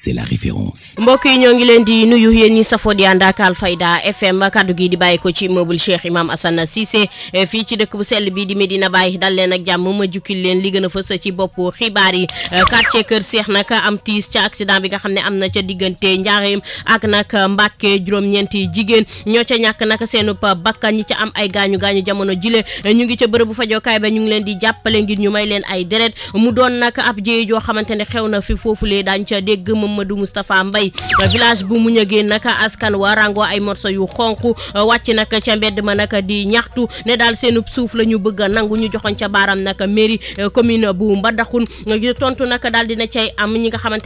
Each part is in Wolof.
c'est la référence. mbokk yi ñoo ngi leen di nuyu yéen ñi safoo di ànd ak Alfayda FM kaddu gi di bàyyi ko ci immeuble Cheikh Imam Assane Cissé eh, fii ci dëkk bu sell bi di Medina Baye dal leen ak jàmm ma jukkil leen li gën a fës ci bopp xibaar yi eh, quartier Kër Cheikh nag am tiis ca accident bi nga xam ne am na ca diggante Njaareem ak nag Mbàkke juróom-ñeenti jigéen ñoo ca ñàkk nag seenu bakkan ñi ca am ay gaañu gaañu jamono jile eh, ñu ngi ca bërëbu fajokaay ba ñu ngi leen di jàppale ngir ñu may leen ay deret Mamadou Moustapha Mbaye village bu Mignane naka askan wa rango ay morso yu xonq wàcc naka ca mbedd ma naka di ñaxtu ne daal seenub suuf la ñu bëgg a nangu ñu joxoon ca baaram naka mairie commune bu Mbadakhoune tontu naka daal dina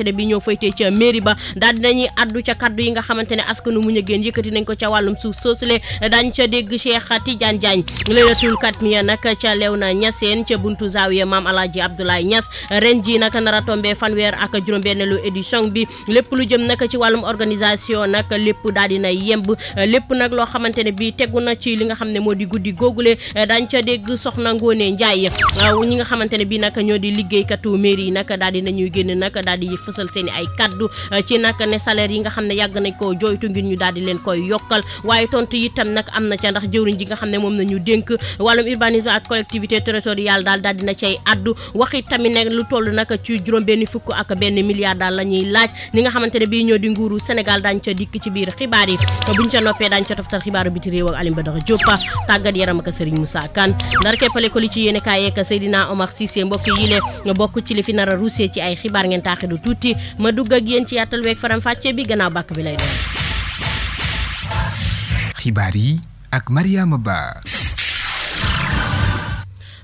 ne bi ñoo faytee ca mairie ba daal dinañuy addu ca kaddu yi nga xamante ne askanu Mignane yëkkati nañ ko ca wàllum suuf soosule daañu ca dégg Cheikh Tidiane Diagne Laylatul Katmiya naka ca Léona Niassène ca buntu Zawiya Maam Alaaji Abdoulaye Niass ren ji naka nar a fanweer ak juróom bi lépp lu jëm nag ci wàllum organisation nag lépp daal di na yemb lépp nag loo xamante ne bi tegu na ci li nga xam ne moo di guddi googule dañ ca dégg soxna Ngoone Njaay ñi nga xamante ne bi nag ñoo di liggéeykatu yi nag daal di nañuy génn nag daal di fësal seen ay kaddu ci nag ne salaire yi nga xam ne yàgg nañ koo jooytu ngir ñu daal di leen koy yokkal waaye tontu itam nag am na ca ndax jëwriñ ji nga xam ne moom nañu dénk wàllum urbanisme ak collectivité territoriale daal daal dina cay addu waxi tamit nag lu toll nag ci juróom benn fukk ak benn milliard daal la laaj li nga xamante ne bii ñoo di nguuru Sénégal daañ ca dikk ci biir xibaar yi buñ ca noppee daañ ca toftal xibaaru biti réew ak Alioune Badara Diop tàggat yaram ak Serigne Moussa Kane ndar keppale ko li ci yéene kaay ak Seydina Omar Cissé mbokk yi le bokk ci li fi nar a ruusee ci ay xibaar ngeen taaxidu tuuti ma dugg ak yéen ci yàttal weeg faram fàcce bi gannaaw bàkk bi lay doon xibaar yi ak Mariama Ba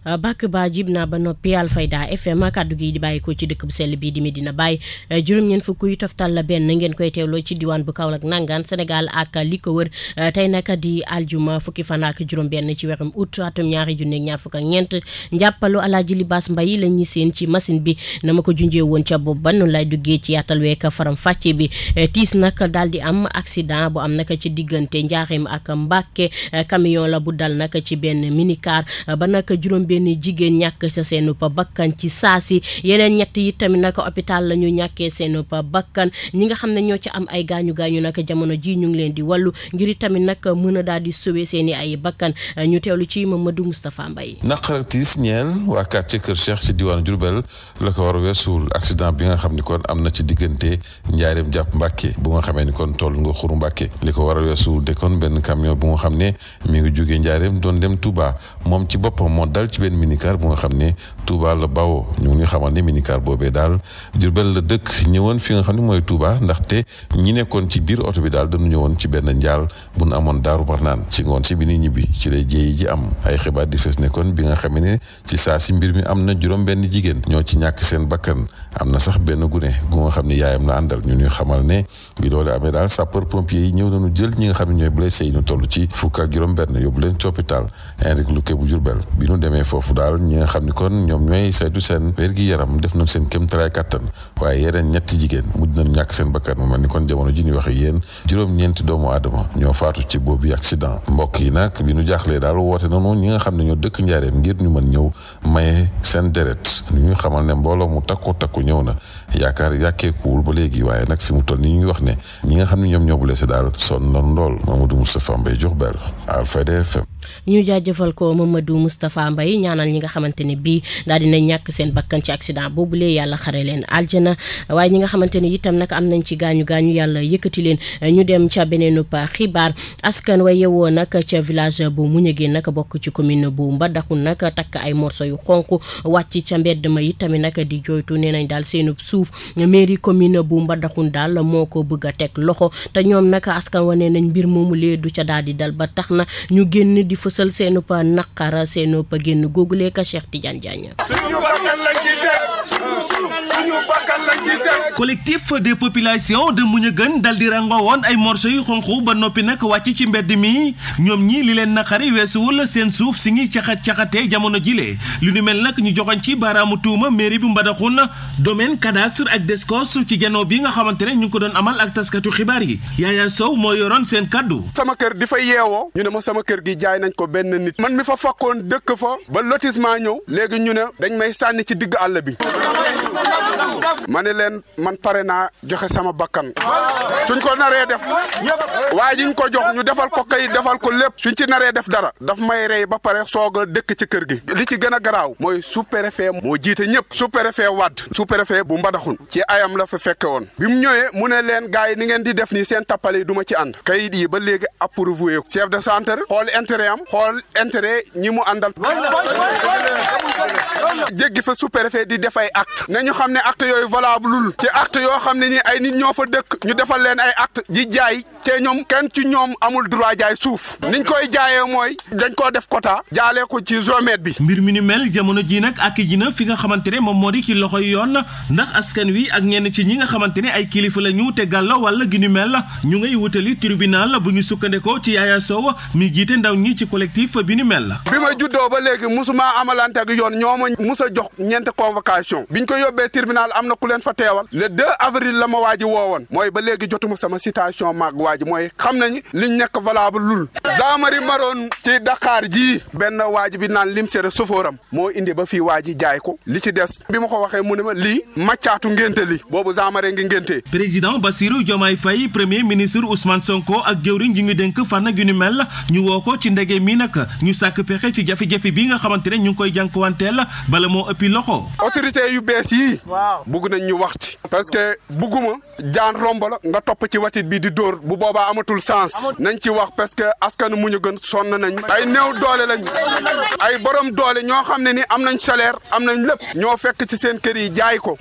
Euh, bàkk ba jib naa ba noppi Alfayda FM kàddu gi di bàyyi ko ci dëkk bu sell bii di Medina Baye euh, juróom-ñeent fukk yu toftal la benn ngeen koy teewloo ci diwaan bu Kaolack nangaan Sénégal ak li ko wër euh, tey naka di aljuma fukki fan ak juróom-benn ci weerum août atum ñaari junne ak ñaar fukk la ñuy seen ci machine bi na ma ko junjee woon ca bopp ba noonu lay duggee ci yaatal week faram fàcce bi tiis nag daal di am accident bu am naka ci diggante Njaaxem ak Mbàkke camion la bu dal naka ci benn minicar ba naka juróom benn jigéen ñàkk sa seen pa ci saa si yeneen ñett yi tamit nag hôpital la ñu ñàkkee seen pa bakkan ñi nga xam ne ñoo ci am ay gaañu gaañu nag jamono ji ñu ngi leen di wàllu ngir tamit nag mën a daal di sauver seen i ay bakkan ñu teewlu ci Mamadou Moustapha Mbaye. naqar ak tiis ñeel waa quartier Kër Cheikh ci diwaanu Diourbel la ko war a weesuwul accident bi nga xam ni kon am na ci diggante Njaareem jàpp Mbàkke bu nga xamee ni kon toll nga xuru Mbàkke li ko war a weesuwul de kon benn camion bu nga xam ne mi ngi jógee Njaareem doon dem Touba moom ci boppam moo dal ci ci benn minicar bu nga xam ne Touba la bawoo ñu ngi xamal ne minicar boobee daal Jurbel la dëkk ñëwoon fi nga xam ne mooy Touba ndaxte ñi nekkoon ci biir oto bi daal dañu ñëwoon ci benn njaal bu nu amoon daaru Marnaan ci ngoon si bi ni ñibbi ci lay jéeyi ji am ay xibaar di fees nekkoon bi nga xam ne ci saa si mbir mi am na juróom benn jigéen ñoo ci ñàkk seen bakkan am na sax benn gune gu nga xam ne yaayam la àndal ñu ñuy xamal ne bi loolu amee daal sapeur pompier yi ñëw nañu jël ñi nga xam ne ñooy blessé yi ñu toll ci fukk juróom benn yóbbu leen ci hôpital Henri Locquet foofu daal ñi nga xam ni kon ñoom ñooy saytu seen wér-gi-yaram def nañ seen kéem tolluwaay kattan waaye yeneen ñetti jigéen mujj nañ ñàkk seen bakkan mu ni kon jamono ji ñu waxe yéen juróom-ñeenti doomu aadama ñoo faatu ci boobu accident mbokk yi nag bi ñu jaaxlee daal woote nanu ñi nga xam ne ñoo dëkk njaareem ngir ñu mën ñëw maye seen deret ñu ñu xamal ne mbooloo mu takku takku ñëw na yaakaar yàkkeekuwul ba léegi waaye nag fi mu toll ni ñuy wax ne ñi nga xam ne ñoom ñoo blessé daal sonn nañ lool Mamadou Moustapha Mbaye Diourbel Alfayda FM ñu jaajëfal ko Mamadou Moustapha Mbaye ñaanal ñi nga xamante ne bii daal dina ñàkk seen bakkan ci accident boobulee yàlla xare leen aljana waaye ñi nga xamante ne itam nag am nañ ci gaañu gaañu yàlla yëkkati leen ñu dem ca beneen xibaar askan wa yeewoo nag ca village bu mu Muñege nag bokk ci commune bu mba daxul nag takk ay morso yu xonk wàcc ca mbedd ma itamit nag di jooytu nee nañ daal seenu suuf mairie commune bu mba daxul daal moo ko bëgg a teg loxo te ñoom nag askan wa mbir moomu lee du ca daal di di fësal seenu pa naqar seenu pa génn googulee ka Cheikh Tidiane Diagne. suñu bakkan la ñuy def suñu suuf suñu bakkan collectif des populations de gën dal di rangoo woon ay morceaux yu xonq ba noppi nag wàcc ci mbedd mi ñoom ñii li leen naqari weesuwul seen suuf si ngi caxat caxatee jamono jile lu ni mel nag ñu joxoñ ci baaraamu tuuma mairie bu Mbadakhoune domaine cadastre ak descos ci janoo bi nga xamante ne ñu ngi ko doon amal ak taskatu xibaar yi Yaya Sow moo yoroon seen kaddu. sama kër di fa yeewoo ñu ne ma sama kër gi jaay nañ ko benn nit man mi fa fakkoon dëkk fa ba ñëw léegi ñu ne dañ may sànni ci digg àll bi leen man pare naa joxe sama bakkan suñ ko naree def waaye ñu ko jox ñu defal ko kayit defal ko lépp suñ ci naree def dara daf may rey ba pare soog a dëkk ci kër gi li ci gën a garaaw mooy sous-préfet moo jiite ñëpp sous-préfet Wade sous-préfet bu Mbadaxun ci ayam la fa fekke woon bi mu ñëwee mu ne leen gars yi ni ngeen di def nii seen tappale yi du ma ci ànd kayit yi ba léegi approuvé chef de centre xool intérêt am xool intérêt ñi mu àndal jéggi fa sous di def ay jublul ci acte yoo xam ne nii ay nit ñoo fa dëkk ñu defal leen ay acte ji jaay te ñoom kenn ci ñoom amul droit jaay suuf niñ koy jaayee mooy dañ koo def quota jaalee ko ci géomètre bi. mbir mi ni mel jamono ji nag ak ji na fi nga xamante ne moom moo di ci loxoy yoon na ndax askan wi ak ñenn ci ñi nga xamante ne ay kilifa la ñu te gàllo wala gi ni mel ñu ngay wutali tribunal bu ñu sukkandikoo ci Yaya Sow mi jiite ndaw ñi ci collectif bi ni mel. bi ma juddoo ba léegi musuma amalante ak yoon ñoo jox ñeent convocation teewal le 2 avril la ma waa ji woowoon mooy ba léegi jotuma sama citation maag waa ji mooy xam nañu liñ nekk valable lul zaamari maroon ci Dakar jii benn waa ji bi naan lim sere sofooram moo indi ba fii waa ji jaay ko li ci des bi ma ko waxee mu ne ma lii maccaatu ngénte li boobu zaamare ngi ngéntee président Bassirou Diomaye Faye premier ministre Ousmane Sonko ak jëwriñ ñu ngi denk fànn gu ni mel ñu woo ko ci ndege mi nag ñu sàkk pexe ci jafe-jafe bii nga xamante ne ñu ngi koy jànkuwanteel bala moo ëppi loxo wax parce que bugguma jaan romb la nga topp ci watit bi di dóor bu boobaa amatul sens nañ ci wax parce que askan mu ñu gën sonn nañ ay néew doole lañ ay borom doole ñoo xam ne ni am nañ salaire am nañ lépp ñoo fekk ci seen kër yi jaay ko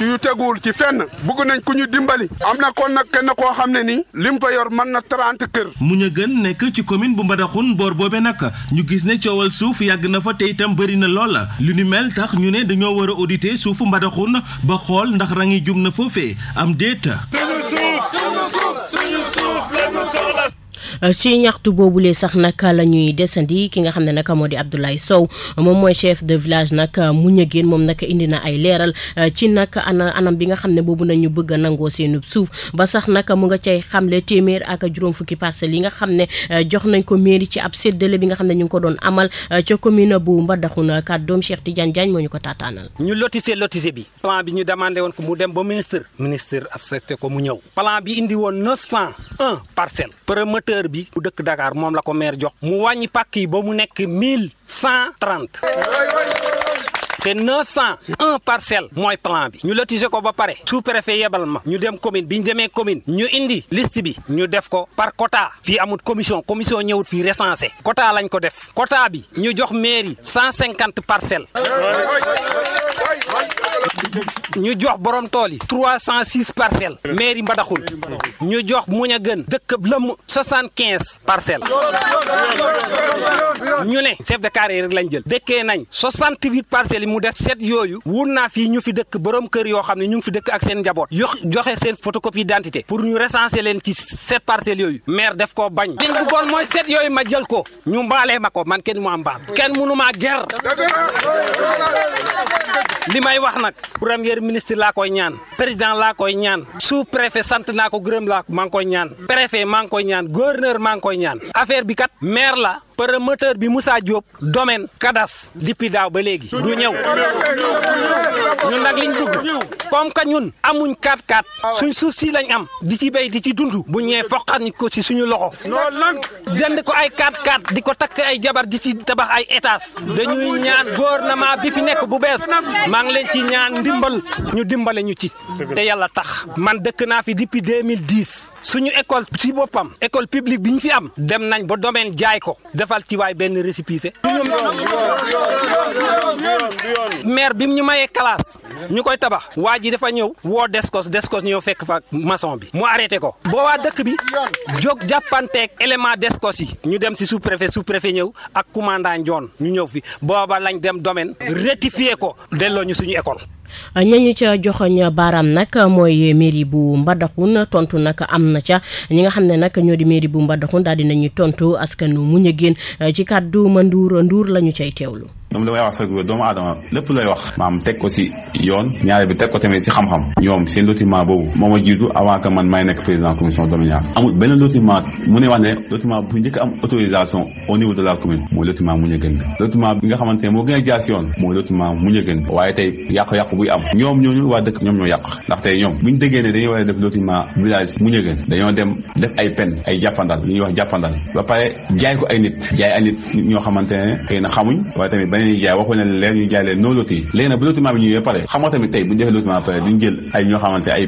yu teguwul ci fenn bugg nañ ku ñu dimbali am na kon nag kenn koo xam ne ni lim fa yor mën na trente kër mu ñu gën nekk ci commune bu Mbadakhoune boor boobe nag ñu gis ne coowal suuf yàgg na fa te itam bëri na lool lu ni ñu ne dañoo war a auditer suufu Mbadakhoune ndax rangi jum na foofee am déeta suñu suuf suñu suuf suñu suuf lañu soxla Euh, ci ñaxtu boobule sax nag la ñuy desandi ki nga xam ne nag moo di Abdoulaye Sow moom mooy chef de village nag Mouniéguène moom nag indi na ay leeral euh, ci nag ana anam bi nga xam ne boobu nañu bëgg a nangoo seenub suuf ba sax nag mu nga cay xamle téeméer ak juróom fukki parcelle yi nga xam ne euh, jox nañ ko mairie ci ab séddale bi nga xam ne ñu ngi ko doon amal ca commune bu Mbadakhoune kàddoom ti Tidiane Diagne moo ñu ko taataanal. ñu lotissé lotissé bi. plan ñu demandé woon ko mu dem ba ministre. ministre accepté ko mu ñëw. plan hectare bi bu dëkk Dakar moom la ko maire jox mu wàññi pàkk yi ba mu nekk mille cent trente te 901 parcelle mooy plan bi ñu lotise ko ba pare sous yebal ma ñu dem commune bi ñu demee commune ñu indi list bi ñu def ko par quota fii amut commission commission ñëwut fii recensé quota lañ ko def quota bi ñu jox mairie 150 parcelles ñu jox borom tool yi. cent 306 parcelles. mairie Mbadakhoune. ñu jox mu a gën. dëkk lëmm 75 parcelles. ñu ne chef de carré lañ jël. dëkkee nañ 68 parcelles yi mu def set yooyu. wun naa fi ñu fi dëkk borom kër yoo xam ne ñu ngi fi dëkk ak seen njaboot. yo joxe seen photocopie d'identité. pour ñu recenser leen ci sept parcelles yooyu. maire def ko bañ. liñ bu bon mooy set yooyu ma jël ko. ñu mbaalee ma ko man kenn mu am mbaal. kenn mënu maa ger. li may wax nag premier ministre laa koy ñaan président laa koy ñaan su préfet sant naa ko gërëm laa maa ngi koy ñaan préfet maa ngi koy ñaan gouverneur maa ngi koy ñaan affaire bi kat maire la promoteur bi Moussa Diop domaine kadas depuis daaw ba léegi du ñëw ñun nag liñ dugg comme que ñun amuñ 4-4 ah suñ suuf si lañ am di ci béy di ci dund bu ñëwee foqat ñu ko ci suñu loxo jënd ko ay 4-4 di ko takk ay jabar di ci tabax ay étage dañuy ñaan gouvernement bi fi nekk bu bees maa ngi leen ci ñaan ndimbal ñu dimbale ñu ci te yàlla tax man dëkk naa fi depuis 2010 suñu école ci boppam école publique bi ñu fi am dem nañ ba domaine jaay ko defal ci waay benn récépissé maire bi ñu mayee classe ñu koy tabax waa ji dafa ñëw woo deskos deskos ñëw fekk fa maçon bi mu arrêté ko boo waa dëkk bi jóg jàppanteeg élément deskos yi ñu dem si sous préfet ñëw ak commandant John ñu ñëw fi booba lañ dem domaine rectifier ko delloo ñu suñu école ñañu ca joxoñ baaraam nag mooy mairie bu Mbadakhoune tontu nag am na ca ñi nga xam ne nag ñoo di mairie bu Mbadakhoune daal di nañuy tontu askanu Mignane ci kàddu ma Ndour nduur la ñu cay teewlu. ñoom damay wax chaque jour doomu aadama lépp lay wax maam teg ko si yoon ñaare bi teg ko tamit si xam-xam ñoom seen lotissement boobu moo ma jiitu avant que man may nekk président commission domaniale amul benn lotissement mu ne wax ne lotissement bu njëkk am autorisation au niveau de la commune mooy lotissement mu ñu gën lotissement bi nga xamante ne moo gën a jaar si yoon mooy lotissement mu ñu waaye tey yàqu-yàqu buy am ñoom ñooñu waa dëkk ñoom ñoo yàq ndax tey ñoom buñu déggee a def lotissement ñuy wax jàppandal ba pare jaay ko ay nit ne xëy na xamuñ waaye tamit dañuy jaay waxuñ leen leen ñu jaay leen non loti léegi bu lotiment bi ñëwee pare xam tamit tey bu jël ay ñoo xamante ay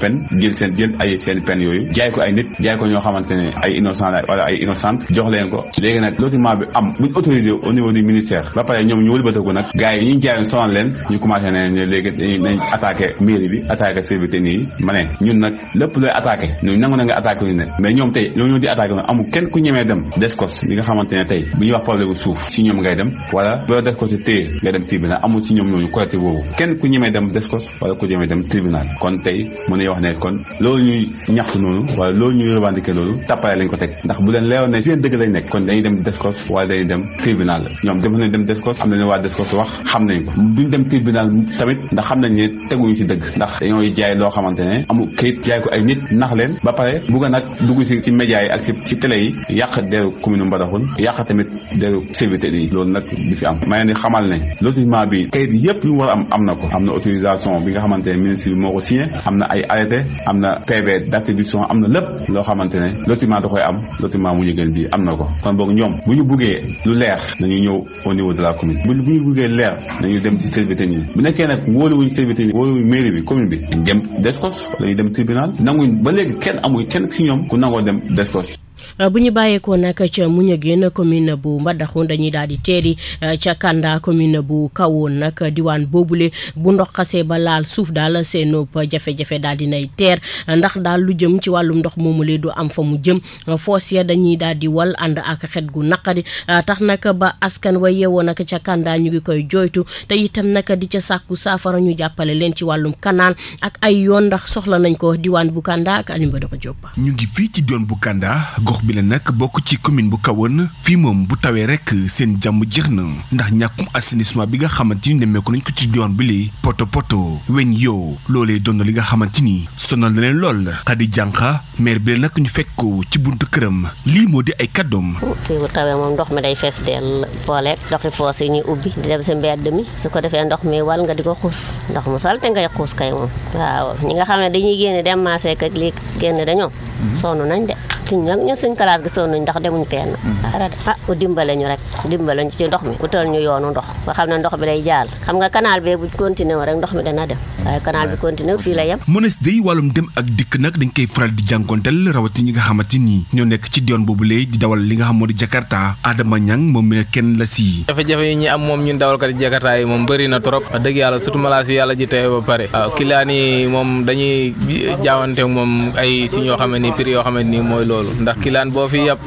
pen jël ay seen pen yooyu jaay ko ay nit jaay ko ñoo xamante ay innocent wala ay innocent jox leen ko léegi nag lotissement bi am buñ autorisé au niveau ministère ba pare ñoom ñu wëlbatiku nag gars yi ñu jaayoon sonal leen ñu commencé ne ne léegi nag lépp looy attaqué ñun nangu na nga attaqué ñu ne mais ñoom tey loolu ñoo di attaqué woon amul kenn ku ñemee dem descos bi nga xamante ne tey bu ñuy wax problème kenn ku ñemee dem descos wala ku ñemee dem kon tey mën nañu wax loolu ñuy ñaxtu noonu wala loolu ñuy revendiqué loolu tappale lañ ko teg ndax bu leen leeroon ne seen dëgg la lay nekk kon dañuy dem DESCOS wala dañuy dem tribunal la ñoom dem nañ dem DESCOS am nañu waa DESCOS wax xam nañ ko duñ dem tribunal tamit ndax xam nañ ne teguñu ci dëgg ndax dañooy jaay loo xamante ne amul ko ay nit nax leen ba pare bugg nag dugg ci ci média yi ak ci ci télé yi yàq deeru commune Mbadakhoune yàq tamit deeru servité yi loolu nag du fi am ma leen di xamal ne lotissement bi kayit yëpp yu mu war na ko am na autorisation bi ne bi moo ko signé am na ay arrêté am na PV d'attribution am na lépp loo xamante da koy am lotissement mu ñu gën bi am na ko kon boog ñoom bu ñu buggee lu leer nañu ñëw au niveau de la commune bu bu ñu buggee leer nañu dem ci service yi bu nekkee nag wóoluwuñ service yi wóoluwuñ mairie bi commune bi dem Descos lañu dem tribunal nanguñ ba léegi kenn amuy kenn ci ñoom ku nangoo dem Descos Euh, bu ñu bàyyeekoo nag ca Mignane commune bu Mbadakhoune dañuy daal di teeri euh, ca Kanda commune bu kawoon nag diwaan boobu boobule bu ndox xasee ba laal suuf daal seenub jafe-jafe daal di nay teer ndax daal lu jëm ci wàllum ndox moomu lee du am fa mu jëm foos dañuy daal di wal ànd ak xet gu naqari euh, tax nag ba askan wa yeewoo nag ca Kanda ñu ngi koy jooytu te itam nag di ca sàkku saafara ñu jàppale leen ci wàllum kanaan ak ay yoon ndax soxla nañ ko diwaan bu Kanda ak Alioune Badara ñu ngi fii ci bu Kanda gox bi la nag bokk ci commune bu Kahone fii moom bu tawee rek seen jàmm jeex na ndax ñàkkum assainissement bi nga xamante ni nemmeeku nañ ko ci yoon bi li poto poto weñ yow loolee doon na li ni sonal na leen lool Khady Diankha maire bi ñu fekk ko ci buntu këram lii moo di ay kàddoom. fii bu tawee ndox mi day fees dell booleeg ndoxi foos yi ñuy ubbi di dem si mbedd mi su ko defee ndox mi wal nga di ko xuus ndox mu salte ngay xuus kay moom waaw ñi nga xam dañuy génne dem marché ak lii génne dañoo mhm. sonn nañ de. suñ classe gi sonn nañ ndax demuñ fenn dara mm-hmm. de ah u dimbale ñu rek dimbale ñu ci ndox mi utal ñu yoonu mm-hmm. dem ak dikk nag dañ koy faral di jànkonteel rawati ñi nga xamante ni ñoo nekk ci yoon boobu lay di dawal li nga xam moo di Jakarta Adama Niang moom mi kenn la si jafe-jafe ñi am moom ñun dawalkat yi Jakarta yi moom bëri na trop dëgg yàlla surtout malaas yàlla ji tey ba pare waaw ah, kilaan yi moom dañuy jaawante moom ay si ñoo xam ne ni prix yoo xam ne ni mooy loolu ndax kilaan boo fi yab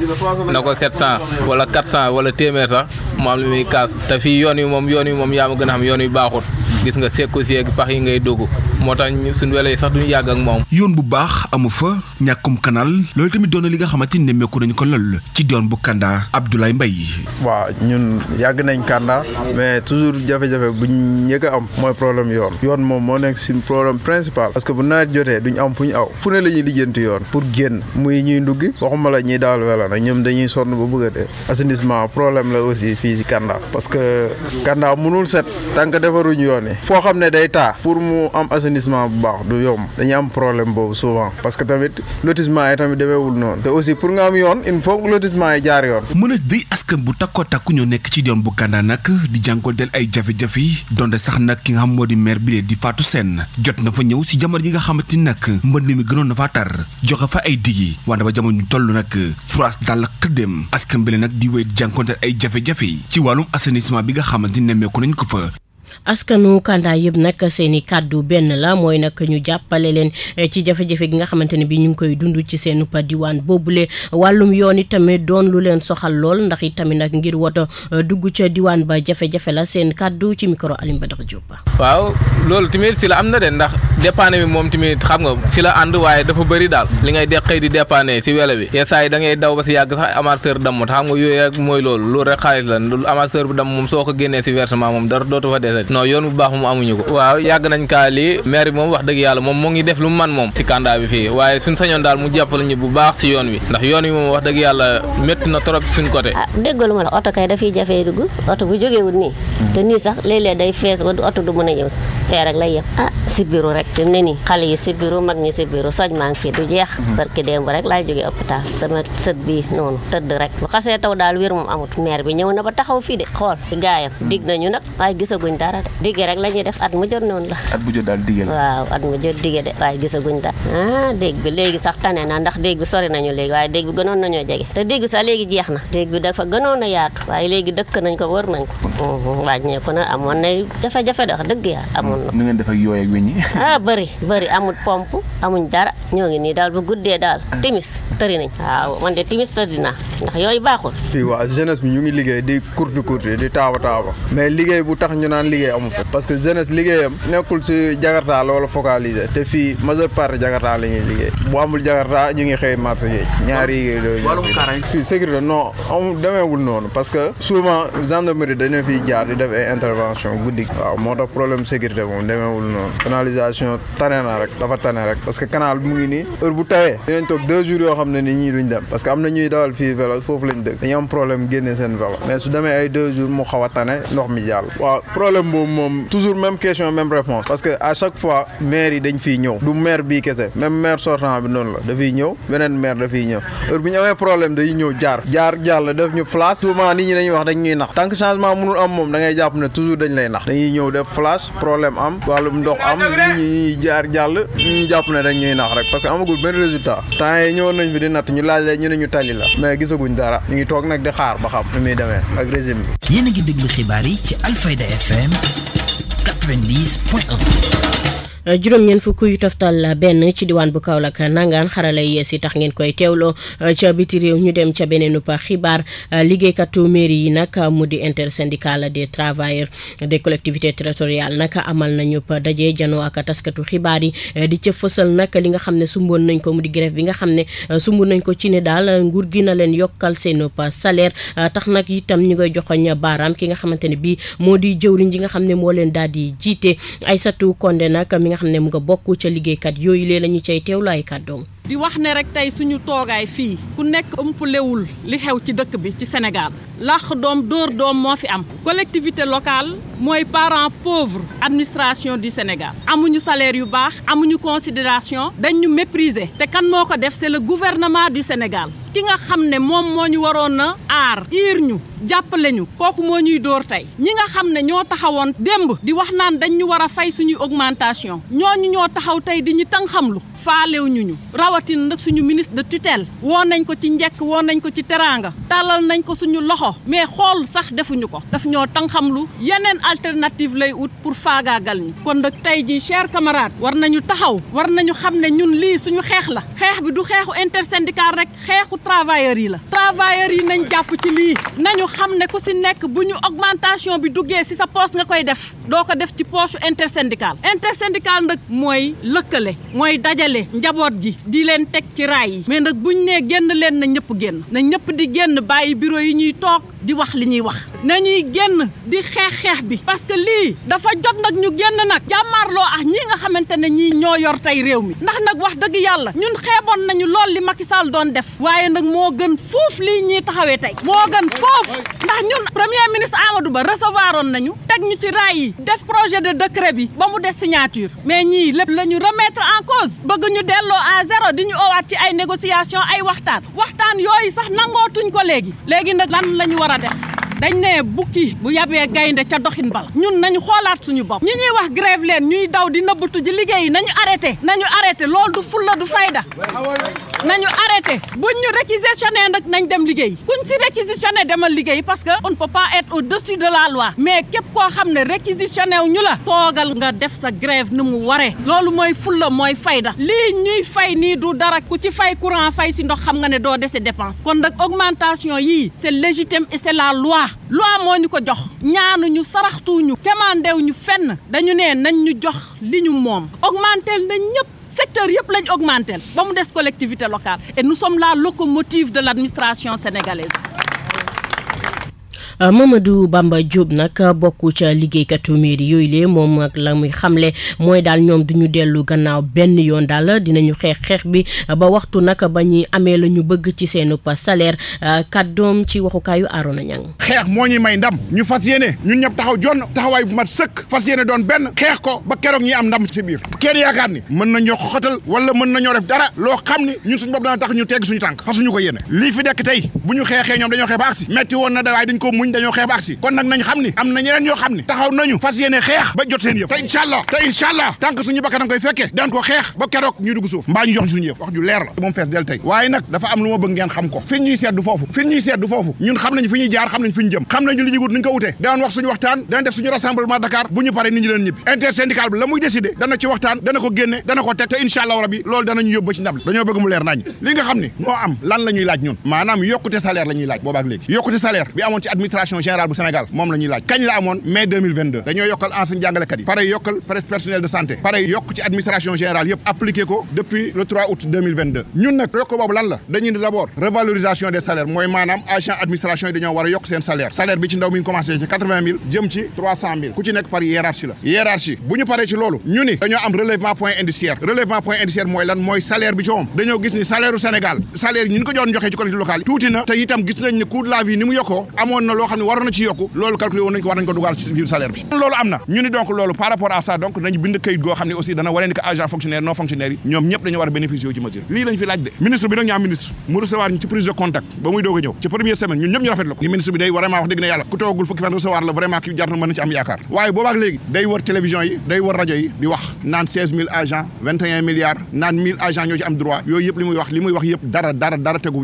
na ko 700 wala 400 wala téeméer sax mu am lu kaas te fii yoon yi moom yoon yi moom yaa ma gën a xam yoon wi baaxut. gis nga sekku seeg pax yi ngay dugg moo tax suñu welo yi sax duñu yàgg ak moom yoon bu baax amu fa ñàkkum canal loolu tamit doon na li nga xamante ni nemmeeku nañu ko lool ci doon bu Kanda Abdoulaye Mbaye waaw ñun yàgg nañ Kanda mais toujours jafe-jafe bu ñu njëkk am mooy problème yoon yoon moom moo nekk suñu problème principal parce que bu nawet jotee duñ am fu ñu aw fu ne la ñuy lijjanti yoon pour génn muy ñuy ndugg waxuma la ñuy daal welo nag ñoom dañuy sonn ba bëgg a dee assainissement aussi fii ci parce que Kanda mënul set tant que defaruñu yoon foo xam ne day taa pour mu am assainissement bu baax du yomb dañu am problème boobu souvent parce que tamit lotissement yi tamit demeewul noonu te aussi pour nga am yoon il faut que yi jaar yoon. mën a askan bu takkoo takku ñoo nekk ci doon bu Kanda nag di jànkonteel ay jafe-jafe yi donte sax nag ki nga xam moo di maire bi di Fatou Sène jot na fa ñëw si jamono yi nga xamante ni nag mbënd mi gënoon na faa tar joxe fa ay digi wante ba jamono ñu toll nag France daal la askan bi nag di wéy di jànkonteel ay jafe ci wàllum assainissement bi nga xamante ni nemmeeku nañ ko fa. askanu Kanda yëpp nag seen i kàddu benn la mooy nag ñu jàppale leen eh, ci jafe-jafe gi nga xamante ne bi ñu ngi koy dund ci seen diwaan boobule wàllum yoon itamit doon lu leen soxal lool ndax itamit nag ngir woto eh, dugg ca diwaan ba jafe-jafe la seen kàddu ci micro Alioune Badara Diop. waaw loolu tamit si la am na de ndax dépanné bi moom tamit xam nga si la ànd waaye dafa bari daal li ngay de di dépanné si wele bi yenn saa yi da daw ba si yàgg sax amateur damm nga yooyu rek mooy loolu loolu rek xaalis la amateur bu damm moom soo ko génnee si versement moom dara dootu fa desati non yoon bu baax moom amuñu ko waaw yàgg nañ kaa lii maire bi moom wax dëgg yàlla moom moo ngi lu man moom si candidat bi fii waaye suñ sañoon daal yoon wi ndax yoon wi moom wax dëgg yàlla métti na trop suñ côté ah déggalu ma la oto kay dafay jafee dugg oto bu jógeewul nii te nii sax léeg-léeg day fees ba oto du a yëw fee rek lay yëw ah si bureau rek fi mu ne nii xale yi si mag ñi si bureau soj maa du jeex mhm. barki démb rek laay jógee hôpital sama sët bii noonu tëdd rek bu xasee taw daal wér moom amut maire bi ñëw na ba taxaw fii de xool gaayam dig nañu nag waaye gisaguñ dara dara de dige rek la ñuy def at mu jot noonu la. at mu jot daal dige la waaw at mu jot dige de waaye gisaguñ ta ah déeg bi léegi sax tane naa ndax dégg bi sori nañu léegi waaye déeg gënoon nañoo jege te déeg sax léegi jeex na déeg bi dafa gënoon a yaatu waaye léegi dëkk nañ ko wër nañ ko mhm, wàññeeku na amoon na jafe-jafe de wax dëgg yàlla amoon na nu ngeen def ak yooy ak weñ ah, amul pompe amuñ dara ñoo ngi nii daal bu guddee daal ah. timis tëri nañ waaw man de timis tëri naa ndax yooyu baaxul waaw jeunesse bi ñu ngi liggéey di courte courte di taaba taaba mais liggéey bu tax ñu naan liggéey liggéey amu fa parce que jeunesse liggéeyam nekkul si Jakarta loolu focaliser te fii majeure partie Jakarta la ñuy liggéey bu amul ñu ngi xëy marché géej ñaari liggéey loolu fii sécurité non amul demeewul noonu parce que souvent gendarmerie dañu fiy jaar di def ay intervention guddi waaw moo tax problème sécurité moom demeewul noonu canalisation tane na rek dafa tane rek parce que canal mu ngi ni heure bu tawee dinañ toog deux jours yoo xam ne ni ñii duñ dem parce que am na ñuy dawal fii vélo foofu lañ dëkk dañu am problème génne seen vélo mais su demee ay deux mu xaw a tane ndox mi moom moom toujours même question même réponse parce que à chaque fois maire yi dañ fiy ñëw du maire bii kese même maire sortant bi noonu la dafiy ñëw beneen maire dafiy ñëw ñu amee problème dañuy jaar jaar jàll def ñu flash souvent nit ñi dañuy wax dañ ñuy nax tant que changement mënul am moom da ngay jàpp ne toujours dañ lay nax dañuy ñëw def flash problème am wàllum ndox am nit ñi jaar jàll ñu jàpp ne dañ nax rek parce que amagul benn résultat temps yi ñëwoon nañ fi di natt ñu laaj la 90.1 juróom-ñeent fukk yu toftal benn ci diwaan bu Kaolack nangaan xarala yees yi tax ngeen koy teewloo ca biti réew ñu dem ca beneen xibaar liggéeykatu mairie yi nag mu di intersyndicale des travailleurs des collectivités territoriales nag amal nañu daje janoo ak taskatu xibaar yi di ca fësal nag li nga xam ne sumboon nañ ko mu di bi nga xam ne sumboon nañ ko ci ne daal nguur gi na leen yokkal seen salaire tax nag itam ñu ngay joxoñ baaraam ki nga xamante ne bii moo di jëwriñ ji nga xam ne moo leen daal di jiite Aïssatou Condé nag mi nga xam ne mu nga bokk ca liggéeykat yooyu lee lañu ñu cay teewlu ay di wax ne rek tey suñu toogaay fii ku nekk ëmpalewul li xew ci dëkk bi ci Sénégal làq doom dóor doom moo fi am collectivité locale mooy parent pauvre administration du Sénégal amuñu salaire yu baax amuñu considération dañ ñu te kan moo ko def se la gouvernement du Sénégal ki nga xam ne moom moo ñu waroon na aar iir ñu jàppale ñu kooku moo ñuy dóor tey ñi nga xam ne ñoo taxawoon démb di wax naan dañu ñu war a fay suñuy augmentation ñooñu ñoo taxaw tey di ñu tan faalew ñu ñu rawatina nag suñu ministre de tutelle woon nañ ko ci njekk woon nañ ko ci teraanga tàllal nañ ko suñu loxo mais xool sax defuñu ko daf ñoo tànxamlu yeneen alternative lay ut pour faagaagal ñi kon nag tey jii chers camarades war nañu taxaw war nañu xam ne ñun lii suñu xeex la xeex bi du xeexu intersyndical rek xeexu travailleurs yi la travailleurs yi nañ jàpp ci lii nañu xam ne ku si nekk bu ñu augmentation bi duggee si sa poche nga koy def doo ko def ci poche intersyndical intersyndical nag mooy lëkkale mooy dajale dajale njaboot gi di leen teg ci raay yi mais nag buñ nee génn leen na ñëpp génn na ñëpp di génn bàyyi bureau yi ñuy toog di wax li ñuy wax nañuy génn di xeex xeex bi parce que lii dafa jot nag ñu génn nag jàmmaarloo ak ñii nga xamante ne ñii ñoo yor tey réew mi ndax nag wax dëgg yàlla ñun xeeboon nañu lool li Macky Sall doon def waaye nag moo gën foofu lii ñuy taxawee tey moo gën foof ndax ñun premier ministre Amadou Ba recevoiroon nañu teg ñu ci raay yi def projet de décret bi ba mu des signature mais ñii lépp la ñu remettre en cause bëgg ñu delloo à zéro di ñu owaat ci ay négociation ay waxtaan waxtaan yooyu sax nangootuñ war a def dañ ne bukki bu yabee gaynde ca doxin bala ñun nañu xoolaat suñu bopp ñi ñuy wax grève leen ñuy daw di nëbbatu ji liggéey yi nañu arrêté nañu arrêté loolu du fulla du fayda nañu arrêté buñ ñu réquisitionné nag nañ dem liggéey kuñ si réquisitionné demal liggéey parce que on ne peut pas être la loi mais képp koo xam ne réquisitionné wu ñu la toogal nga def sa grève ni mu waree loolu mooy fulla mooy fayda lii ñuy fay nii du dara ku ci fay courant fay si ndox xam nga ne doo dese dépense kon nag augmentation yii c'est légitime et la loi loi moo ñu ko jox ñu ñaanuñu saraxtuuñu ñu fenn dañu nee nañ ñu jox li ñu moom augmentel nañ ñëpp secteur yëpp lañ augmentel ba mu des collectivité locale et nous sommes la locomotive de l'administration sénégalaise Euh, Mamadou Bamba Diop nag bokku ca liggéeykatu mairie yooyu lee moom ak la muy xamle mooy daal ñoom du ñu dellu gannaaw benn yoon daal dinañu xeex xeex bi ba waxtu nag ba ñu amee la ñu bëgg ci seen salaire euh, doom ci waxukaayu Arona Niang xeex moo ñuy may ndam ñu fas yéene ñun ñëpp taxaw jonn taxawaay bu mat sëkk fas yéene doon benn xeex ko ba keroog ñi am ndam ci biir kenn yaakaar ni mën nañoo xoxatal wala mën nañoo def dara loo xam ni ñun suñu bopp dana ñu tegg suñu tànk fasuñu ko yéene muñ dañoo xeeb aksi kon nag xeex ba jot seen ñu jox suñu yëf wax ju leer la moom fees del tey waaye nag dafa am nañu la muy xam ni am lan laaj ñun maanaam yokkute salaire la laaj boobaak léegi yokkute salaire bi amoon ci administration moom la laaj kañ la amoon mai dañoo yokkal enseigne jàngalekat yi pare yokkal presse personnel de santé pare yokk ci administration générale yëpp appliqué ko depuis le 3 août ñun nag yokk boobu lan la dañuy d' abord revalorisation des salaires mooy maanaam agent administration yi dañoo war yokk seen salaire salaire bi ci ndaw mi ngi ci jëm ci ku ci nekk par hiérarchie la hiérarchie bu ñu paree ci loolu ñu ni dañoo am relèvement point indiciaire loo xam ne loolu calculé ko war nañ ko dugal bi loolu am na ñu ni loolu par rapport à ça donc nañ bind kayit goo xam ne aussi dana waree ni agent fonctionnaire non fonctionnaire yi ñoom ñëpp dañu war a bénéficier lii lañ fi laaj de ministre bi nag ñaa ministre mu recevoir ñu ci prise de contact ba muy doog ñëw ci première semaine ñun ñëpp ñu rafetlu ko ni ministre bi day vraiment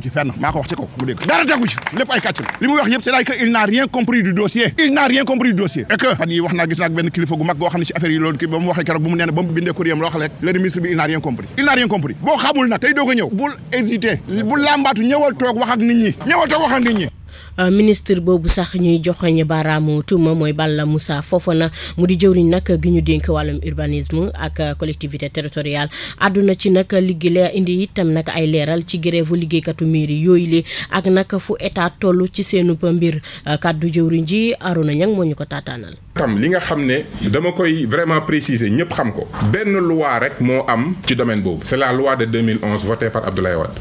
maa wax ci kaw mu dégg dara tegu ci la li que il n'a rien compris du dossier il n'a rien compris du dossier et wax naa gis naa benn kilifa gu mag boo xam ne ci affaire mu waxee keroog bu mu nee ne ba mu il n'a rien compris il n'a rien compris boo xamul nag tey doo ñëw bul hésiter bu làmbaatu ñëwal toog wax ak nit toog wax ak Euh, ministre boobu sax ñuy joxoñ baaraamu tuuma mooy Balla Moussa Fofana mu di jëwriñ nag gi ñu dénk wàllum urbanisme ak collectivité territoriale àdduna ci nag liggéey la indi itam nag ay leeral ci grève liggéeykatu miir yooyu li ak nag fu état toll ci seenu mbir euh, kàddu jëwriñ ji Arona Niang moo ñu ko taataanal. tam li nga xam ne dama koy vraiment préciser ñëpp xam ko benn loi rek moo am ci domaine boobu c'est la loi de 2011 votée par Abdoulaye Wade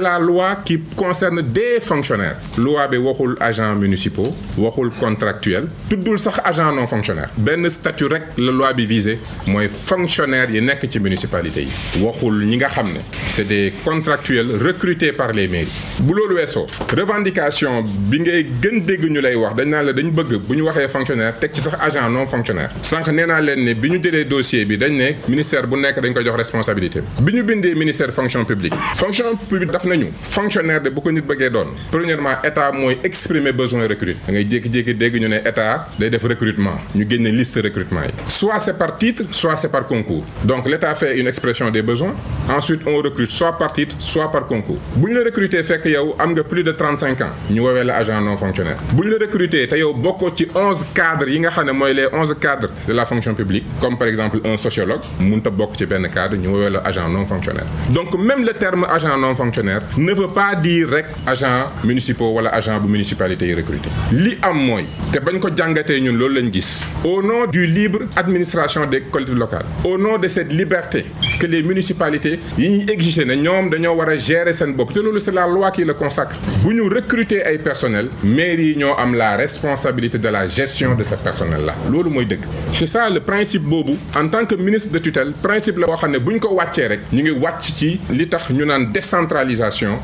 la loi qui concerne des fonctionnaires loi bi waxul agents municipaux waxul contractuel tuddul sax agent non fonctionnaire benn statut rek la loi bi visé mooy fonctionnaire yi nekk ci municipalité yi waxul ñi nga xam ne c'est des contractuels recrutés par les mairies bu loolu weesoo revendication bi ngay gën dégg ñu lay wax dañ naa la dañu bëgg bu ñu waxee fonctionnaire teg ci sax agent non fonctionnaire sànq nee naa leen ne bi ñu jëlee dossier bi dañ ne ministère bu nekk dañ ko jox responsabilité bi ñu bindee ministère fonction publique fonctionnaire de bu ko nit bëggee doon premièrement état mooy exprimer besoin recrute da ngay jékki-jékki dégg ñu ne état day def recrutement ñu génne liste recrutement yi soit c'est par titre soit c'est par concours donc l'état fait une expression des besoins ensuite on recrute soit par titre soit par concours bu la recruter fekk yow am nga plus de trente cinq ans ñu woowee la agent non fonctionnaire bu la recruter te yow bokkoo ci onze cadres yi nga xam ne mooy les onze cadres de la fonction publique comme par exemple un sociologue mënut a bokk ci benn cadre ñu woowee la agent non fonctionnaire donc même le dire rek agent municipaux wala agent bu municipalité yi recruté li am mooy te bañ ko jàngatee ñun loolu lañ gis au nom du libre administration des collectivités locales au nom de cette liberté que les municipalités yi ñuy exiger ne ñoom dañoo war a seen bopp te loolu c'est la loi qui le consacre bu ñu recruter ay personnel mairie yi ñoo am la responsabilité de la gestion de ce personnel la loolu mooy dëgg c'est ça le principe boobu en tant que ministre de tutelle principe la xam ne bu ñu ko wàccee rek ñu ngi wàcc ci li tax ñu naan décentralisation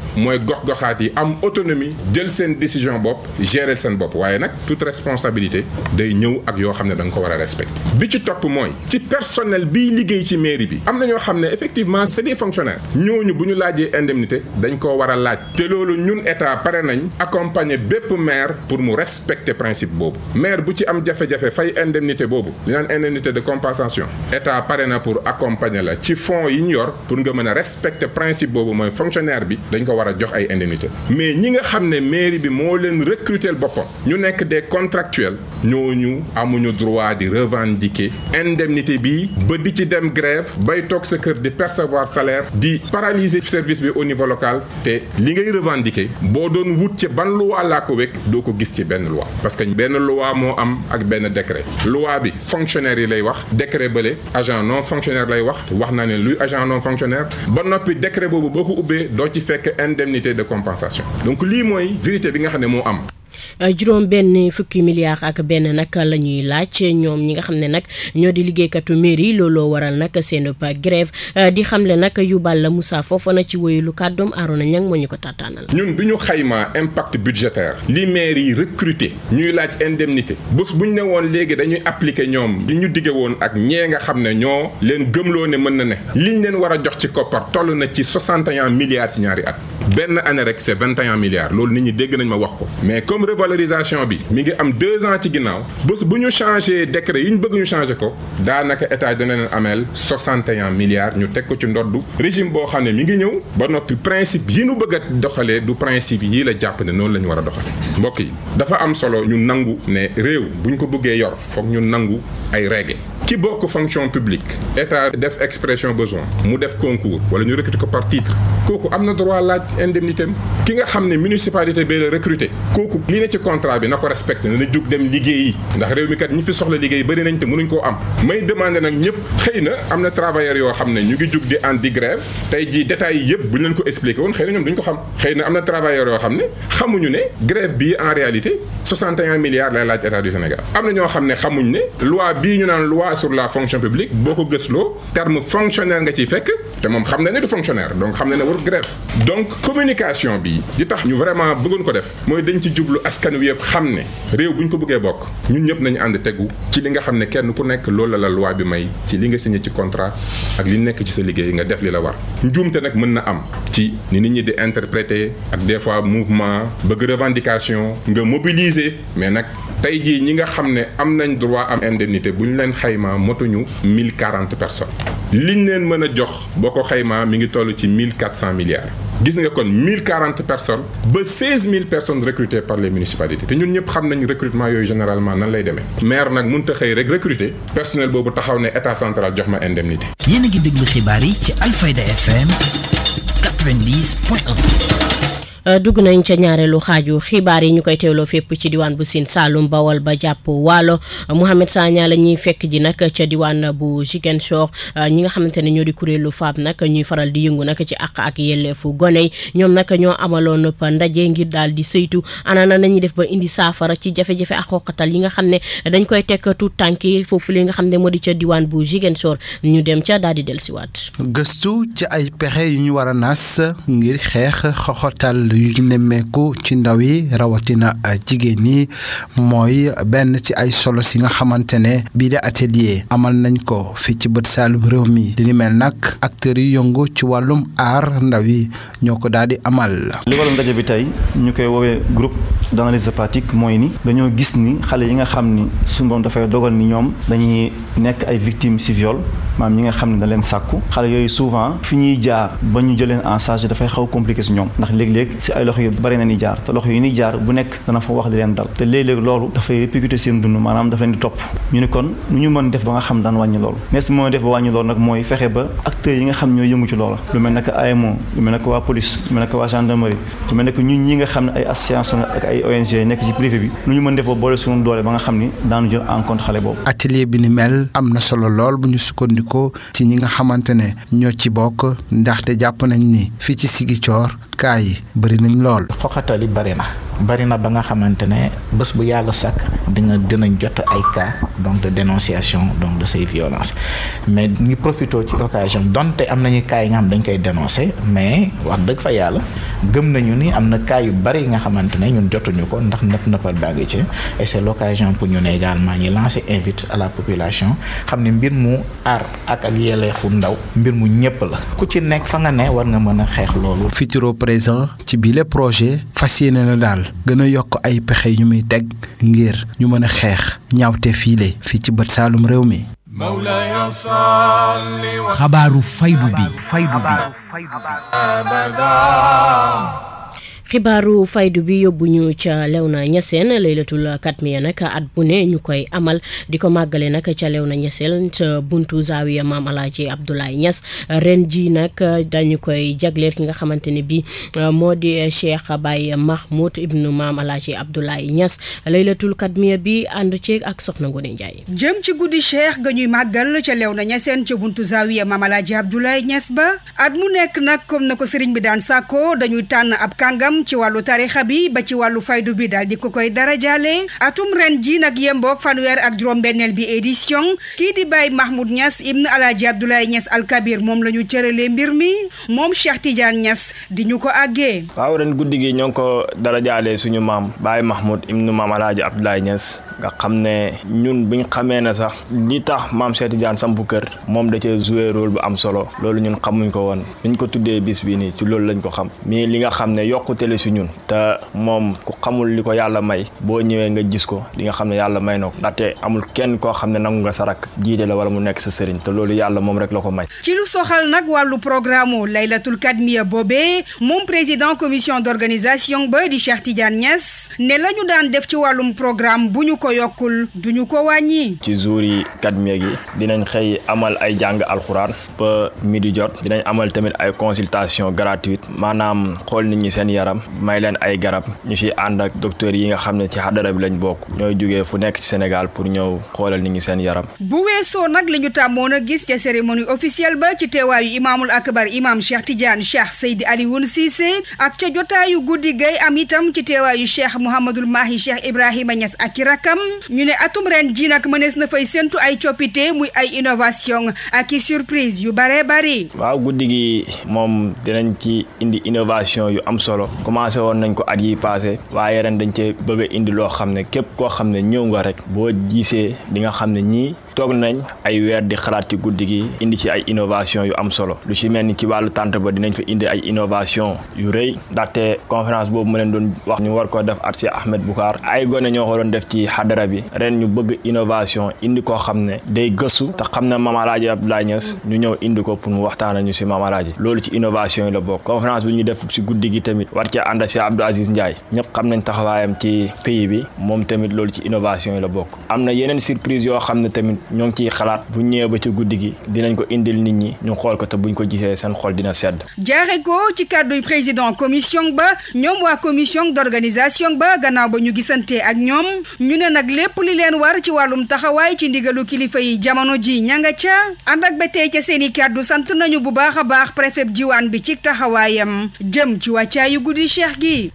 gox-goxaat yi am autonomie jël seen décision bopp gérer seen bopp waaye nag toute responsabilité day ñëw ak yoo xam ne da nga ko war a respecter bi ci topp mooy ci personnel biy liggéey ci mairie bi am na ñoo xam ne effectivement c'est des fonctionnaires ñooñu bu ñu laajee indemnité dañ ko war a laaj te loolu ñun état pare nañ accompagner bépp maire pour mu respecter principe boobu maire bu ci am jafe-jafe fay indemnité boobu li naan indemnité de compensation état pare na pour accompagner la ci fonds yi ñu yor pour nga mën a respecter principe boobu mooy fonctionnaire bi dañ ay indemnité mais ñi nga xam ne mairie bi moo leen recruter boppam ñu nekk des contractuels ñooñu amuñu droit di revendiquer indemnité bi ba di ci dem grève bay toog sa kër di percevoir salaire di paralyser service bi au niveau local te li ngay revendiquer boo doon wut ci ban loi laa ko wekk doo ko gis ci benn loi parce que benn loi moo am ak benn décret loi bi fonctionnaire yi lay wax décret bële agent non fonctionnaire lay wax wax naa ne luy agent non fonctionnaire ba noppi décret boobu boo ko ubbee doo ci fekk indemnité de compensation donc lii mooy vérité bi nga xam ne moo am Euh, juróom benn fukki milliards ak benn nag la ñuy laaj ñoom ñi nga xam ne nag ñoo di liggéeykatu mairie looloo waral nag seen pa grève euh, di xamle nag yu bàll Moussa Fofana ci wéyulu kàddoom Arona Niang moo ñu ko tàttaanal ñun bi ñu xaymaa impact budgétaire li maire yi recruter ñuy laaj indemnité bés bu ñu woon léegi dañuy appliquer ñoom li ñu dige woon ak ñee nga xam ne ñoo leen gëmloo ne mën na ne liñ leen war a jox ci koppar toll na ci 61 milliards ñaari at benn année rek c'est 21 loolu nit ñi dégg nañ ma wax ko mais revalorisation bi mi ngi am deux ans ci ginnaaw bés bu ñu changé décret yi ñu bëgg ñu changé ko daanaka état dana leen ameel 61 milliards ñu teg ko ci ndoddu régime boo xam ne mi ngi ñëw ba noppi principe yi nu bëgg a doxalee du principe yii la jàpp ne noonu la ñu war a mbokk yi dafa am solo ñu nangu ne réew bu ñu ko bëggee yor foog ñu nangu ay règles ki bokk fonction publique état def expression besoin mu def concours wala ñu recruter ko par titre am na droit laaj indemnité ki nga xam ne municipalité bee la recruter kooku lii ne ci contrat bi na ko respecté na jug dem liggéeyi ndax réew mi kat ñi fi soxla liggéey bari nañ te mënuñ koo am may demandé nag ñëpp xëy na am na travailleurs yoo xam ne ñu ngi jug di en di grève tey jii détails yi yëpp bu ñu leen ko expliqué woon xëy na ñoom duñ ko xam xëy na am na travailleurs yoo xam ne xamuñu ne grève bii en réalité 61 milliards lay laaj état du Sénégal am na ñoo xam ne xamuñ ne loi bii ñu naan loi sur la fonction publique boo ko gësloo terme fonctionnaire nga ciy fekk te moom xam na ne du fonctionnaire donc xam na ne warul grève donc communication bi di tax ñu vraiment bëggoon ko def mooy dañ ci jublu askan wi yëpp xam ne réew bu ñu ko bëggee bokk ñun ñëpp nañu ànd tegu ci li nga xam ne kenn ku nekk loolu la la loi bi may ci li nga signé ci contrat ak li nekk ci sa liggéey nga def li la war njuumte nag mën na am ci ni nit ñi di interpréter ak des fois mouvement bëgg revendication nga mobiliser gisee mais nag tey jii ñi nga xam ne am nañ droit am indemnité bu ñu leen xaymaa motuñu mille quarante li liñ leen mën a jox boo ko xaymaa mi ngi toll ci mille quatre cent milliards gis nga kon mille quarante personnes ba seize mille personnes recrutées par les municipalités te ñun ñëpp xam nañ recrutement yooyu généralement nan lay demee maire nag mënut a xëy rek recruter personnel boobu taxaw ne état central jox ma indemnité. yéen a ngi déglu xibaar yi ci Alfayda FM Euh, dugg nañ ca ñaareelu xaaju xibaar yi ñu koy teewloo fépp ci diwaan bu Sine Saalum Bawol ba jàpp Waalo Mouhamed Sagna ñuy fekk ji nag ca diwaan bu Ziguinchor euh, ñi nga xamante ne ñoo di kuréelu FAB nag ñuy faral di yëngu nag ci àq ak yelleefu gone ñoom nag ñoo amaloon ndaje ngir dal di saytu ana na nañuy def ba indi saafara ci jafe-jafe ak xoqatal yi nga xam ne dañ koy teg tout tànk foofu li nga xam ne moo di ca diwaan bu Ziguinchor ñu dem ca daal di dellusiwaat. gëstu ci ay pexe yu ñu war a ngir xeex yu ñu nemmeeku ci ndaw yi rawatina ah, jigéen ñi mooy benn ci ay solo si nga xamante ne bii de atelier amal nañ ko fii ci bët saalum réew mi li ni mel nag acteurs yu yëngu ci wàllum aar ndaw yi ñoo ko daal di amal. li waral ndaje bi tey ñu koy woowee groupe d'analyse pratique mooy ni dañoo gis ni xale yi nga xam ni su borom dafay dogal ni ñoom dañuy nekk ay victimes ci viol maam ñi nga xam ne da leen sàkku xale yooyu souvent fi ñuy jaar ba ñu jëleen en charge dafay xaw compliqué ci ñoom ndax ci ay loxo yu bari na ni jaar te loxo yi ni jaar bu nekk dana fa wax di leen dal te léeg-léeg loolu dafay répercuter seen dund maanaam dafa leen di topp ñu ni kon nu ñu mën def ba nga xam daan wàññi loolu nees mën def ba wàññi loolu nag mooy fexe ba acteurs yi nga xam ñoo yëngu lu mel naka AMO lu mel naka waa police lu mel naka waa gendarmerie lu mel ñi nga xam ne ay association ak ay ONG nekk ci privé bi nu ñu mën def ba boole doole ba nga xam ni daanu jël en compte xale boobu atelier bi ni mel am na solo lool bu ñu sukkandikoo ci ñi nga xamante ne ñoo ci bokk ndaxte jàpp nañ ni fii ci Sigicoor kaa yi bëri nañ lool xoxatali bëri na bari na ba nga xamante ne bés bu yàlla sàkk di nga dinañ jot ay cas donc de dénonciation donc de ces violences mais ñu profité ci occasion donte am nañu cas yi nga xam dañ koy dénoncer mais wax dëgg fa yàlla gëm nañu ni am na cas yu bari yi nga xamante ne ñun jotuñu ko ndax nëpp nëppal baa ngi ci et c'est l'occasion pour ñu ne également ñi lancer invite à la population xam ne mbir mu aar ak ak yelleefu ndaw mbir mu ñëpp la ku ci nekk fa nga ne war nga mën a xeex loolu. Futuro présent ci bile projet fas yéene na daal. gën a yokk ay pexe yu muy teg ngir ñu mën a xeex ñaawte fiile fii ci bët saalum réew mi xabaaru faydu bi faydu bi xibaaru faydu bi yóbbu ñu ca lew Léona Niassène laylatul katmiya nag at bu ne ñu koy amal di ko màggale nag ca lew na ca buntu Zawiya Maam Alaaji Abdoulaye Niass ren ji nag dañu koy jagleel ki nga xamante ne bi moo di Cheikh Baye Mahmoud ibnu Maam Alaaji Abdoulaye Niass laylatul katmiya bi ànd ceeg ak Soxna Ngone Ndiaye. jëm ci guddi Cheikh ga ñuy màggal ca Léona Niassène ca buntu Zawiya Maam Alaaji Abdoulaye Niass ba at mu nekk nag comme na ko sëriñ bi daan sàkko dañuy tànn ab kàngam ci wàllu tarixa bi ba ci wàllu faydu bi daal di ko koy darajaale atum ren ji nag yemboog fanweer ak juróom-benneel bi édition kii di Baye Mahmoud ñas ibn Alaaji Abdoulaye Niass Al Kabir moom la ñu cëralee mbir mi moom Cheikh Tidiane Niass di ñu ko àggee waaw ren guddi gi ñoo ngi ko darajaale suñu maam Baye Mahmoud ibn maam Alaaji Abdoulaye ñas nga xam ne ñun buñ xamee ne sax li tax maam Cheikh Tidiane sampu kër moom da cee joué rôle bu am solo loolu ñun xamuñ ko woon buñ ko tuddee bis bi nii ci loolu lañ ko xam mais li nga xam ne yokkute la si ñun te moom ku ko yàlla may boo ñëwee nga gis ko li nga xam ne yàlla may na ko ndaxte amul kenn koo xam ne nangu nga sarak jiite la wala mu nekk sa sëriñ te loolu yàlla moom rek la ko may. ci lu soxal nag wàllu programme laylatul kadmiya boobee moom président commission d' organisation ba di Cheikh Tidiane Niass ne la daan def ci wàllum programme ko yokkul duñu ko wàññi. ci jouri kadmiyya gi dinañ xëy amal ay jàng al alxuraan ba midi jot dinañ amal tamit ay consultation gratuite maanaam xool nit ñi seen yaram may leen ay garab ñu ci ànd ak docteur yi nga xam ne ci xadara bi lañ bokk ñooy jugee fu nekk ci Sénégal pour ñëw xoolal nit ñi seen yaram. bu weesoo nag li ñu tàmmoon a gis ca cérémonie officielle ba ci teewaayu imaamul akbar imaam Cheikh Tidiane Cheikh Seydi Alioune Cissé ak ca jotaayu guddi gay am itam ci teewaayu Cheikh Mouhamadul Mahi itam ñu ne atum ren ji nag mënees na fay séntu ay coppite muy ay innovation ak i surprise yu bare bari. waaw guddi gi moom dinañ ci indi innovation yu am solo commencé woon nañ ko at yi passé waaye ren dañ cee bëgg indi loo xam ne képp koo xam ne ñëw nga rek boo jiisee di nga xam ne ñii toog nañ ay weer di xalaat ci guddi gi indi ci ay innovation yu am solo lu ci mel ni ci wàllu tànt ba dinañ fa indi ay innovation yu rëy ndaxte conférence boobu ma leen doon wax ñu war ko def at si Ahmed Boucar ay gone ñoo ko doon def ci xadara bi ren ñu bëgg innovation indi koo xam ne day gëstu te xam na Mame Alhaji Abdoulaye Niass ñu ñëw indi ko pour mu waxtaan ñu si Mame Alhaji loolu ci innovation yi la bokk conférence bi ñu def si guddi gi tamit war ci ànd si Abdou Aziz Ndiaye ñëpp xam nañ taxawaayam ci pays bi moom tamit loolu ci innovation yi la bokk ñoo ngi ciy xalaat bu ñëwee ba ci guddi gi dinañ ko indil nit ñi ñu xool ko te buñ ko gisee seen xool dina sedd. jaare ko ci kàdduy président commission ba ñoom waa commission d'organisation ba gannaaw ba ñu gisante ak ñoom ñu ne nag lépp li leen war ci wàllum taxawaay ci ndigalu kilifa yi jamono ji ña nga ca ànd ak ba tey ca seen i kàddu sant nañu bu baax a baax préfet jiwaan bi ci taxawaayam jëm ci wàccaayu guddi cheikh gi.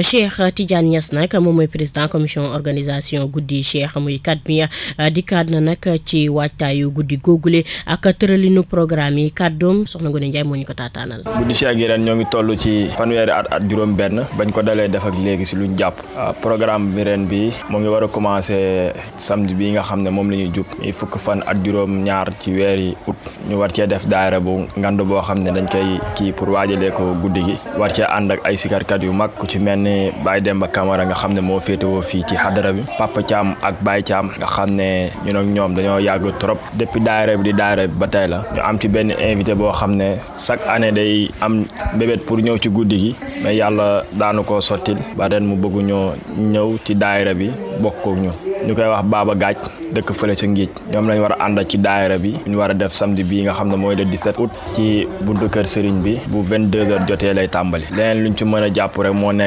Cheikh Tidiane Niass nag moom mooy président commission organisation guddi Cheikh muy kat mi ah, dikkaat na nag ci waajtaayu guddi googule ak tëralinu programme yi kàddoom soxna Ngoné Ndiaye moo ñu ko taataanal. guddi Cheikh gi ren ñoo ngi tollu ci fanweeri at at juróom-benn bañ ko dalee def ak léegi si luñ jàpp ah, programme bi ren bi moo ngi war a commencé samedi bi nga xam ne moom la ñuy jub muy fukk fan at juróom-ñaar ci weer yi août ñu war cee def daayira bu ngand boo xam ne dañ koy kii pour waajalee ko guddi gi war cee ànd ak ay sikarkat yu mag mel ni Baye Demba Camara nga xam ne moo féetewoo fii ci xadara bi Papa Thiam ak Baye Thiam nga xam ne ñun ak ñoom dañoo yàgg trop depuis daayira bi di daayira bi ba tey la ñu am ci benn invité boo xam ne chaque année day am bébét pour ñëw ci guddi gi mais yàlla daanu ko sottil ba ren mu bëgg ñoo ñëw ci daayira bi bokk kook ñu ñu koy wax Baba Gaaj dëkk fële ca Ngij ñoom lañ war a ànd ci daayira bi ñu war a def samedi bii nga xam ne mooy le 17 août ci buntu kër Serigne bi bu 22 heures jotee lay tàmbali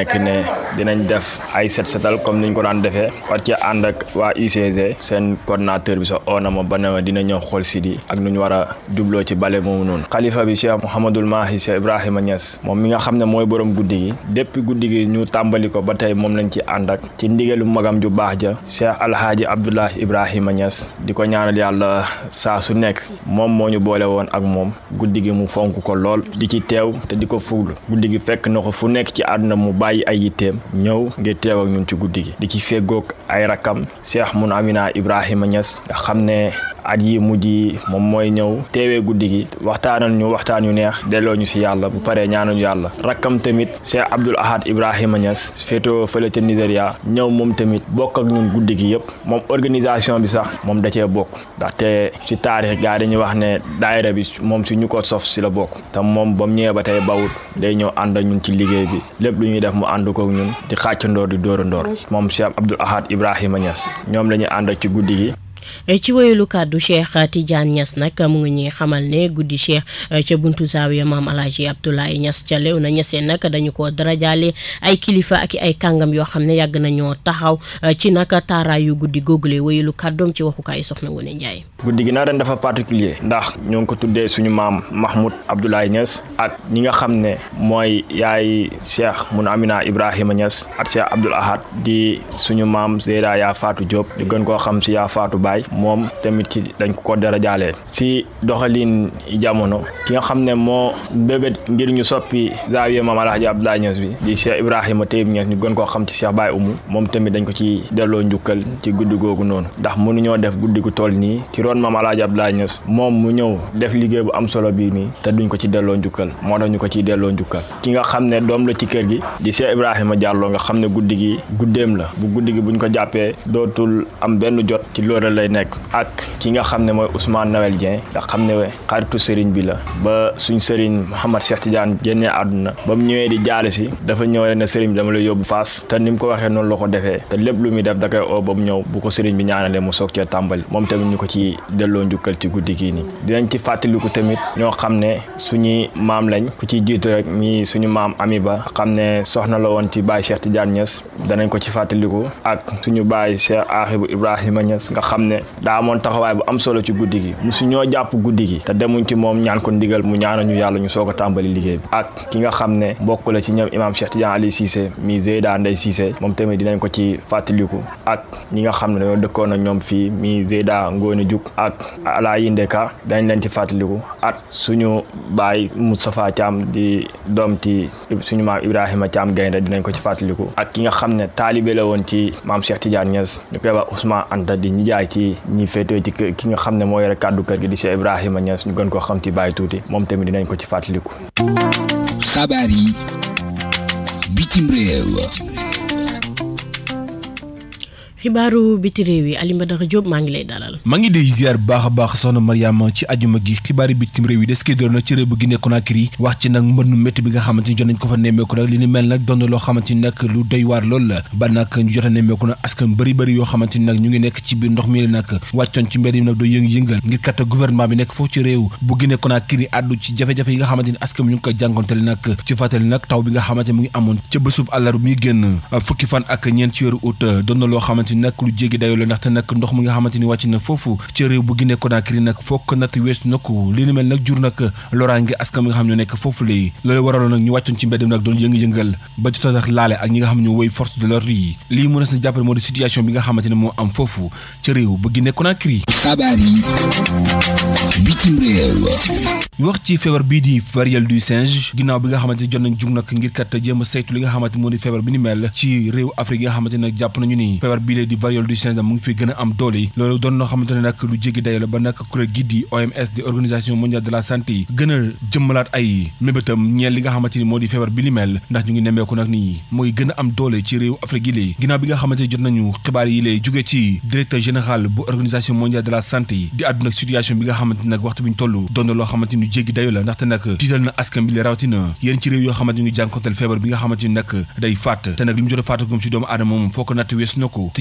nekk ne dinañ def ay set setal comme niñ ko daan defee war ci ànd ak waa UCG seen coordonnateur bi sax oo na ma ba ne ma dina ñëw xool si ak nu ñu war a jubloo ci bale moomu noonu xalifa bi Cheikh Mouhamadul Mahi Cheikh Ibrahima Niass moom mi nga xam ne mooy borom guddi gi depuis guddi gi ñu tàmbali ko ba tey moom lañ ci ànd ak ci ndigalu magam ju baax ja Cheikh Alhaaji Abdoulahi Ibrahima Niass di ko ñaanal yàlla saa su nekk moom moo ñu boole woon ak moom guddi gi mu fonk ko lool di ci teew bàyyi ay yitteem ñëw ngir teew ak ci guddi gi di ci feggoog ay rakam Cheikh Mun Amina Ibrahima Niass nga xam ne at yi mujj yi moom mooy ñëw teewee guddi gi waxtaanal ñu waxtaan yu neex delloo ñu si yàlla bu paree ñaanal yàlla rakkam tamit Cheikh Abdoul Ahad Ibrahima Niass féetoo fële ca Nigéria ñëw moom tamit bokk ak ñun guddi gi yëpp moom organisation bi sax moom da cee bokk ndaxte si taarix gaa dañuy wax ne daayira bi moom si ñu ko sof si la bokk tam moom ba mu ñëwee ba tey bawut day ñëw ànd ak ñun ci liggéey bi lépp lu ñuy def mu ànd kook ñun di xàccandoor di dóorandoor moom Cheikh Abdoul Ahad Ibrahima Niass ñoom la ñuy ànd ci guddi gi Eh, ci wéyalu kàddu Cheikh Tidiane Niass nag mu ngi ñuy xamal ne guddi Cheikh eh, ca buntu Zawiya maam Alaaji Abdoulaye Niass ca lew na ñeseen nag dañu ko darajaale ay kilifa ak ay kàngam yoo xam ne yàgg ñoo taxaw eh, ci nag taaraayu guddi googule wéyalu kàddoom ci waxukaay soxna ne njaay guddi gi naa ren dafa particulier ndax ñoo ngi ko tuddee suñu maam Mahmoud Abdoulaye ñas ak ñi nga xam ne mooy yaay Cheikh mun Amina Ibrahima Niass ak Cheikh Abdoul Ahad maam Ndiaye moom tamit ci dañ ko dara jaalee si doxalin jamono ki nga xam ne moo mbébét ngir ñu soppi zaawiya maam Alaaji Abdoulaye Niass bi di Cheikh Ibrahima Taïb Niass ñu gën koo xam ci Cheikh Baye Oumou moom tamit dañ ko ci delloo njukkal ci guddi googu noonu ndax mënuñoo def guddi gu toll nii ci roon maam Alaaji Abdoulaye Niass moom mu ñëw def liggéey bu am solo bii nii te duñ ko ci delloo njukkal moo tax ñu ko ciy delloo njukkal ki nga xam ne doom la ci kër gi di Cheikh Ibrahima Diallo nga xam ne guddi gi guddeem la bu guddi gi buñ ko jàppee dootul am benn jot ci loolu lay nekk ak ki nga xam ne mooy Ousmane Noël Dieng nga xam ne xaritu sëriñ bi la ba suñ sëriñ Mouhamed Cheikh Tidiane génnee àdduna ba mu ñëwee di jaale dafa ñëw rek ne sëriñ bi dama lay yóbbu Fass te ni mu ko waxee noonu la ko defee te lépp lu muy def da koy oo ba mu ñëw bu ko sëriñ bi ñaanalee mu soog cee tàmbali moom tamit ñu ko ci delloo njukkal ci guddi gii nii dinañ ci fàttaliku tamit ñoo xam ne suñuy maam lañ ku ci jiitu rek ñii suñu maam ami ba xam ne soxna la woon ci Baye Cheikh Tidiane Niass danañ ko ci fàttaliku ak suñu Baye Cheikh Ahibou Ibrahima Niass nga xam xam ne daa amoon taxawaay bu am solo ci guddi gi musu ñoo jàpp guddi gi te demuñ ci moom ñaan ko ndigal mu ñaana ñu yàlla ñu soo a tàmbali liggéey bi ak ki nga xam ne bokk la ci ñoom imaam Cheikh Tidiane Ali Cissé mi Zeyda Ndey Cissé moom tamit ak ñi nga xam ne dañoo dëkkoon ak ñoom fii mi Zeyda Ngóone Juk ak Alayi Ndeka dañ leen ci fàttaliku ak suñu baay Moustapha Thiam di doom ci suñu maam Ibrahima Thiam Gaynde dinañ ko ci fàttaliku ak ki nga xam ne taalibe la woon ci maam Cheikh Anta di ñi jaay ci ci ñi féetee ki nga xam ne mooy yore kàddu kër gi di Cheikh Ibrahima Niass ñu gën koo xam ci Baye Tuuti moom tamit dinañ ko ci fàttaliku. xabaar yi bitim réew. xibaaru biti réew yi Alioune Badara Diop maa ngi lay dalal. maa ngi di ziar baax a baax soxna Mariama ci ajuma gi xibaaru bitim réew yi des koy doon na ci réew bu Guinée Conakry nga xamante ni jot nañ ko fa nemmeeku nag li ni na loo xamante ni nag lu doy waar a nemmeeku bëri bëri yoo xamante ni nag ñu ngi nekk ci biir ndox mi la nag wàccoon ci mbedd yi nag doo yëng bi nekk foofu ci réew bu Guinée Conakry àddu ci nga xamante ni askan ngi ko jàngontele nag ci fàttali nag taw bi nga xamante mu ngi amoon ca bésub àllarba mi génn fukki fan ak ñeent ci weeru août doon loo xamante xamante ni nag lu jéggi dayo la ndaxte nag ndox mi nga xamante ni wàcc na foofu ci réew bu Guinée Conakry nag fokk nag weesu na ko foofu lay loolu waraloon nag ñu wàccoon ci mbedd mi nag ñi nga moo bi am foofu ci réew bu Guinée xabaar yi bitim réew wax ci feebar bii di variole du singe ginnaaw bi nga xamante ni jot nañ jug nag ngir kat jéem a saytu li nga xamante moo di feebar bi ni mel ci réew Afrique yi nga xamante ne jàpp nañu ni feebar bile di variole du singe mu ngi fi gën a am doole yi loolu doon loo xamante ne lu jéggi dayo la ba nag kuréel gi di OMS di organisation mondiale de la santé gën a jëmmalaat ay mébétam ñeel li nga xamante moo di feebar bi li ndax ñu ngi nemmeeku nag nii mooy gën am doole ci réew Afrique yi léegi ginnaaw bi nga xamante jot nañu xibaar yi lay jóge ci directeur général bu organisation mondiale de la santé di àdduna situation bi bi nga xamante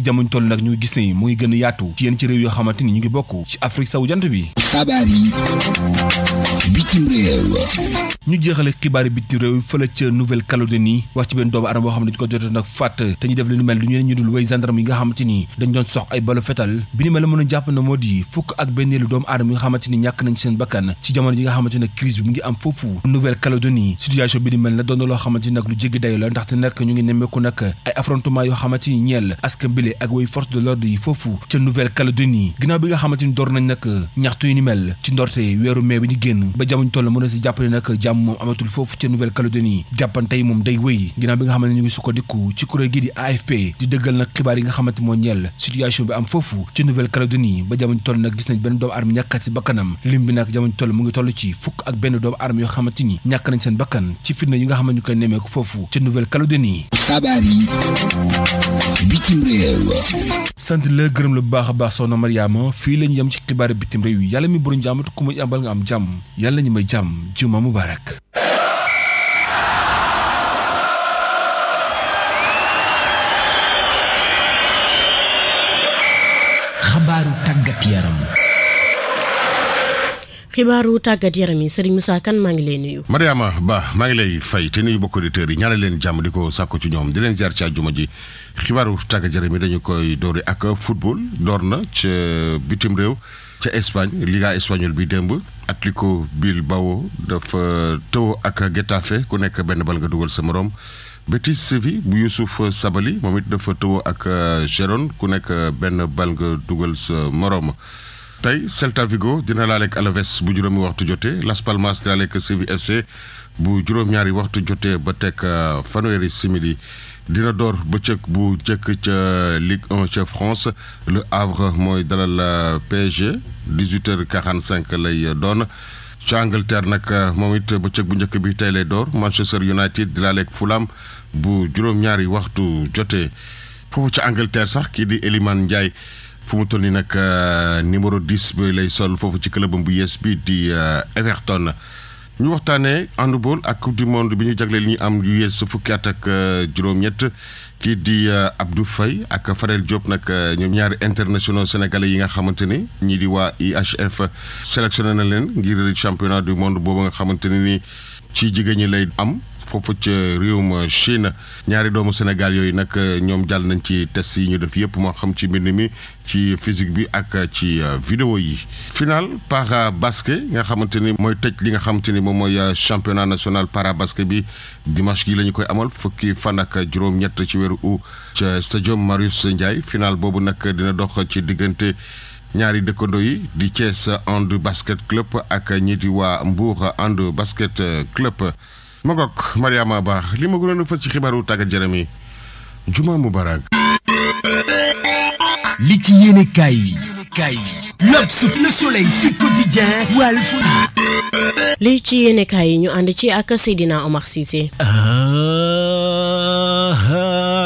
jamono toll nag ñu gis ne mu ngi gën a yaatu ci ni ñu ngi bokk ci Afrique saw bi. xabaar yi bitim réew. ñu jeexale xibaar bitim réew fële ca Nouvelle-Calédonie wax ci benn doomu aadama boo xam ne dañu ko te ñu def lu mel lu ñu ñu dul way gendarme yi nga xamante ni dañ doon sox ay balu fetal bi ni mel la mën jàpp na moo di fukk ak benneelu doomu aadama yi nga xamante ni ñàkk nañ seen bakkan ci jamono yi nga xamante ne crise bi mu ngi am foofu Nouvelle-Calédonie situation bi ni mel na doon na loo xamante ni nag lu jéggi dayo la ndaxte nag ñu ngi nemmeeku yoo xamante ni ñeel ak way force de l'ordre yi foofu ca Nouvelle-Calédonie ginnaaw bi nga xamante ni door nañ nag ñaxtu yu ni mel ci ndorte weeru mai bi ñu génn ba jamono toll mën na si jàppale nag jàmm moom amatul foofu ca Nouvelle-Calédonie jàppante yi moom day wéy ginnaaw bi nga xamante ni ñu ngi sukkandiku ci kuréel gii di AFP di dëggal nag xibaar yi nga xamante moo ñeel situation bi am foofu ci Nouvelle-Calédonie ba jamono toll nag gis nañ benn doomu arme ñàkkat toll mu ngi toll ci fukk ni ñàkk nañ seen bakkan ci fitna yi nga xamante sant la gërëm la bu baax a baax soxna Mariama fii la ñu yem ci xibaar bitim réew yi yàlla mi borom jàmm ku ma yàmbal nga am jàmm yàlla ñu may jàmm juma mubarak xibaaru tàggat yaram yi Serigne Moussa Kane maa ngi lay nuyu. Mariama Ba maa ngi lay fay te nuyu bokk auditeurs yi ñaanal leen jàmm di ko sàkku ci ñoom di leen ziar ci àjjuma ji xibaaru tàggat yaram yi dañu koy doori ak football door na ca bitim réew ca Espagne Liga espagnole bi démb. Atlético Bilbao dafa tëw ak Getafe ku nekk benn bal nga sa morom Betis Séville bu Youssouf Sabali moom it dafa tëw ak Gérone ku nekk benn bal nga dugal sa morom. tey Celta Vigo dina laaleeg Alaves bu juróomi waxtu jotee Las Palmas dina laaleeg Sevilla FC bu juróom-ñaari waxtu jotee ba teg euh, fanweeri simili dina door bëccëg bu njëkk ca Ligue 1 ca France Le Havre mooy dalal euh, PSG 18h45 lay doon. ca Angleterre nag euh, moom it bu njëkk bi tey lay door Manchester United di laaleeg Fulham bu juróom-ñaari waxtu jotee foofu ca Angleterre sax kii di Eliman Ndiaye. fu mu toll nii nag euh, numéro 10 bi lay sol foofu ci club bu yees bi di euh, Everton ñu waxtaanee handball ak coupe du monde bi ñu jagle li ñu am yu yees fukki at ak euh, juróom-ñett kii di Abdou fay ak fareel Diop nag ñoom ñaari internationaux sénégalais yi nga xamante ni ñii di waa IHF sélectionné na leen ngir championnat du monde boobu nga xamante ni ci jigéen ñi lay am. foofu ca réewum Chine ñaari doomu Sénégal yooyu nag euh, ñoom jàll nañ ci test yi ñu def yëpp moo xam ci mbind mi ci physique bi ak euh, ci euh, vidéo yi. final para basket nga xamante ni mooy tëj li nga xamante ni moom mooy championnat national para basket bi dimanche gi la ñu koy amal fukki fan ak juróom-ñett ci weeru août ca stadium Marius Ndiaye final boobu nag dina dox ci diggante. ñaari dëkkando yi di Thiès And Basket Club ak ñi di waa Mbour And Basket Club ma goog Mariama Ba li ma gënoon a fës ci xibaaru tàggat yaram yi juma mubarak li ci yéene kaay yi kaay yi L'Obs, Le Soleil, Sud Quotidien, Walf li ci yéene kaay ñu ànd ci ak Seydina Omar Cissé ah, ah.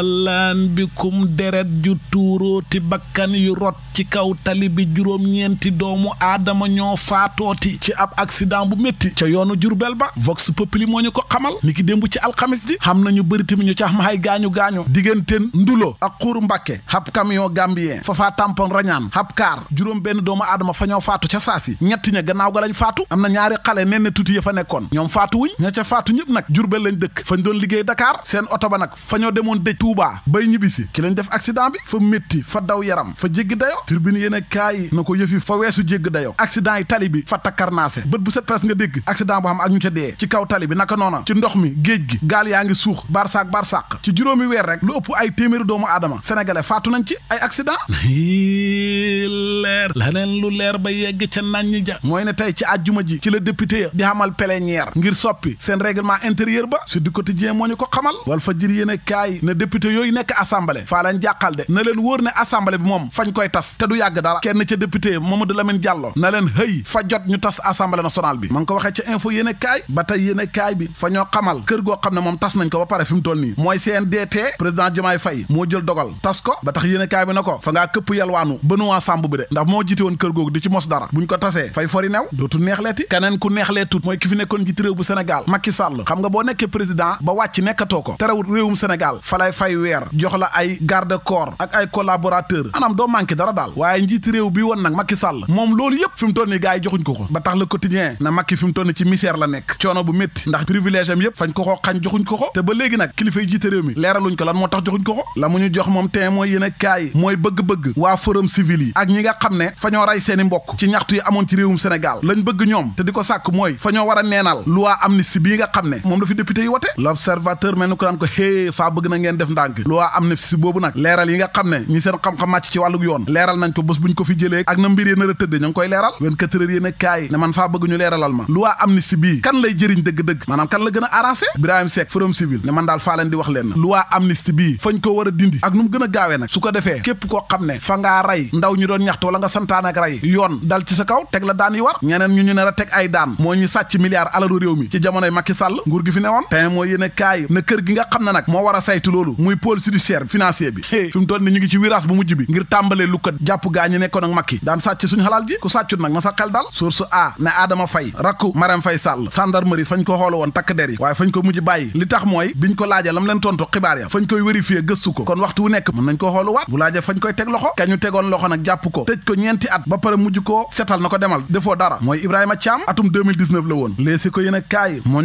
falaan bikum deret ju tuurooti bakkan yu rot ci kaw tali bi juróom-ñeenti doomu aadama ñoo faatooti ci ab accident bu metti ca yoonu Jurbel ba Vox Populi moo ñu ko xamal ni ki démb ci alxamis ji xam nañu bëri tamit ñu cax ma ay gaañu-gaañu digganteen ndulo ak xuur mbàkke hab camion gambien fafaa tampon rañaan hab kaar juróom benn doomu aadama fa ñoo faatu ca saasi ñetti ñe gannaaw ga lañ faatu am na ñaari xale nen ne tuuti ya fa nekkoon ñoom faatu wuñ ña nag Jurbel lañ dëkk fañ doon liggéey Dakar ba nag Touba bay ñibbisi ci lañ def accident bi fa métti fa daw yaram fa jéggi dayo turbine yéen a kaay na ko yëfi fa weesu jéggi dayo accident yi tali fa takkarnaase bët bu set presque nga dégg accident boo xam ak ñu dee ci kaw tali bi ci ndox mi géej gi gaal yaa ngi suux barsaak barsaak ci juróomi weer rek lu ëpp ay téeméeri doomu aadama sénégalais faatu nañ ci ay accident leer laneen lu leer ba yegg ca nañ ja mooy ne tey ci àjjuma ji ci la député ya di xamal plénière ngir soppi seen règlement intérieur ba Sud Quotidien moo a te yooyu nekk assemblée faa lañ jàqal de na leen wóor ne assemblée bi moom fañ koy tas te du yàgg dara kenn ca député Mamadou Lamine Diallo na leen hëy fa jot ñu tas assemblée nationale bi ma ko waxee ca info yéene kaay ba tey yéene kaay bi fa ñoo xamal kër goo xam ne moom tas nañ ko ba pare fi mu nii mooy CNDT président Diomaye Faye moo jël dogal tas ko ba tax yéene kaay bi na ko fa ngaa këpp yalwaanu Benoît Sambou bi de ndax moo jiite woon kër googu di ci mos ko tasee fay fori new dootu neexleeti keneen ku neexlee tut mooy ki fi nekkoon jiite réew bu Sénégal Macky Sall xam nga boo nekkee président ba wàcc nekkatoo ko terewut réewum Sénégal falay fay ay weer jox la ay garde corps ak ay collaborateur anam doo dara daal waaye njiiti réew bi woon nag Macky Sall moom loolu yëpp fi mu toll nii yi joxuñ ko ko ba tax le quotidien na Macky fi mu toll ci misère la nekk coono bu métti ndax privilège am fañ ko ko xañ joxuñ ko ko te ba léegi nag kilifa yi jiite réew mi leeraluñ ko lan moo tax joxuñ ko ko la mu ñu jox moom tee mooy yéen a mooy bëgg-bëgg waa forum civil yi ak ñi nga xam ne fa a ndànk loi amnistie boobu nag kan lay jëriñ dëgg-dëgg maanaam kan la gën a arrangé Ibrahima Seck Forum ne man daal faa di wax leen loi amnistie bii fañ ko war dindi ak nu mu gën nag su ko defee képp koo xam ne fa ngaa rey ndaw ñu doon ñaxtu wala nga santaan ak yoon dal ci sa kaw teg la daan yi war ñeneen ñu ñu nar ay daan moo ñu sàcc milliards alalu réew mi ci jamonoy Macky Sall nguur gi fi newoon tey moo yéen kaay na kër gi nga xam ne muy pôle judiciaire financier bi fi mu toll ni ñu ngi ci virage bu mujj bi ngir tàmbalee lu jàpp gaa nekkoon ak Macky daan sàcc suñu xalaal ji ku sàccut nag na sa xel daal source a ne Adama Faye rakku Marème Faye Sall gendarmerie fañ ko xool woon takk der yi waaye fañ ko mujj bàyyi li tax mooy biñ ko laajee lam leen tontu xibaar ya fañ koy vérifier gëstu ko kon waxtu wu nekk mën nañ ko xoolu waat bu laajee fañ koy teg loxo kañu tegoon loxo nag jàpp ko tëj ko ñeenti at ba mooy Ibrahima Thiam a kaay moo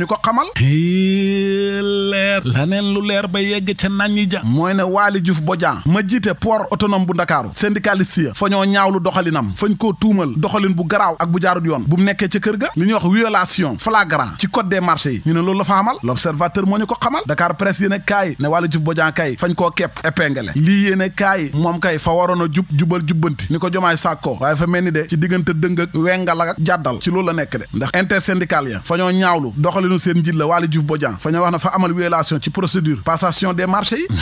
lu leer ba yegg ca nañ ja mooy ne Waly Diouf Bodian ma jiite port autonome bu Ndakaaru syndicaliste ya fa ñoo ñaawlu doxalinam fañ koo tuumal doxalin bu garaaw ak bu jaarut yoon bu mu nekkee ca kër ga li ñuy wax violation flagrant ci code des marchés yi ñu ne loolu la fa xamal l'observateur moo ñu ko xamal Dakar presse yéen a kaay ne Waly Diouf Bodian kay fañ koo kepp épinglé lii yéen a kaay moom kay fa waroon a jub jubal jubbanti ni ko jomaay sàkkoo waaye fa mel ni de ci diggante la nekk ndax intersyndical ya fa ñoo ñaawlu doxalinu seen njiit la Waly Diouf Bodian fa ñoo wax na fa amal violation ci procédure passation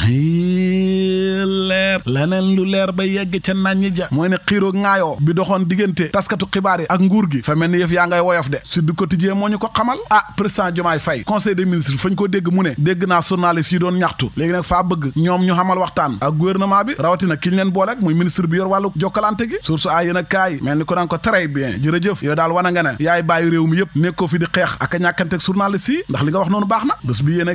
yi leer leneen lu leer ba yegg ca nañ ja mooy ne xiiroo ŋaayoo bi doxoon diggante taskatu xibaar yi ak nguur gi fa mel ni yëf yaa ngay woyof de Sud Quotidien moo ñu ko xamal ah président Diomaye Faye conseil des ministres fañ ko dégg mu ne dégg naa journaliste yi doon ñaxtu léegi nag faa bëgg ñoom ñu xamal waxtaan ak gouvernement bi rawatina ki leen boole muy ministre bi yor wàllu jokkalante gi source a yéen a kaay mel ni ko naan ko très bien jërëjëf yow daal wana nga ne yaay bàyyi a ñàkkante ak journaliste yi ndax li nga wax noonu baax na bés bi yéen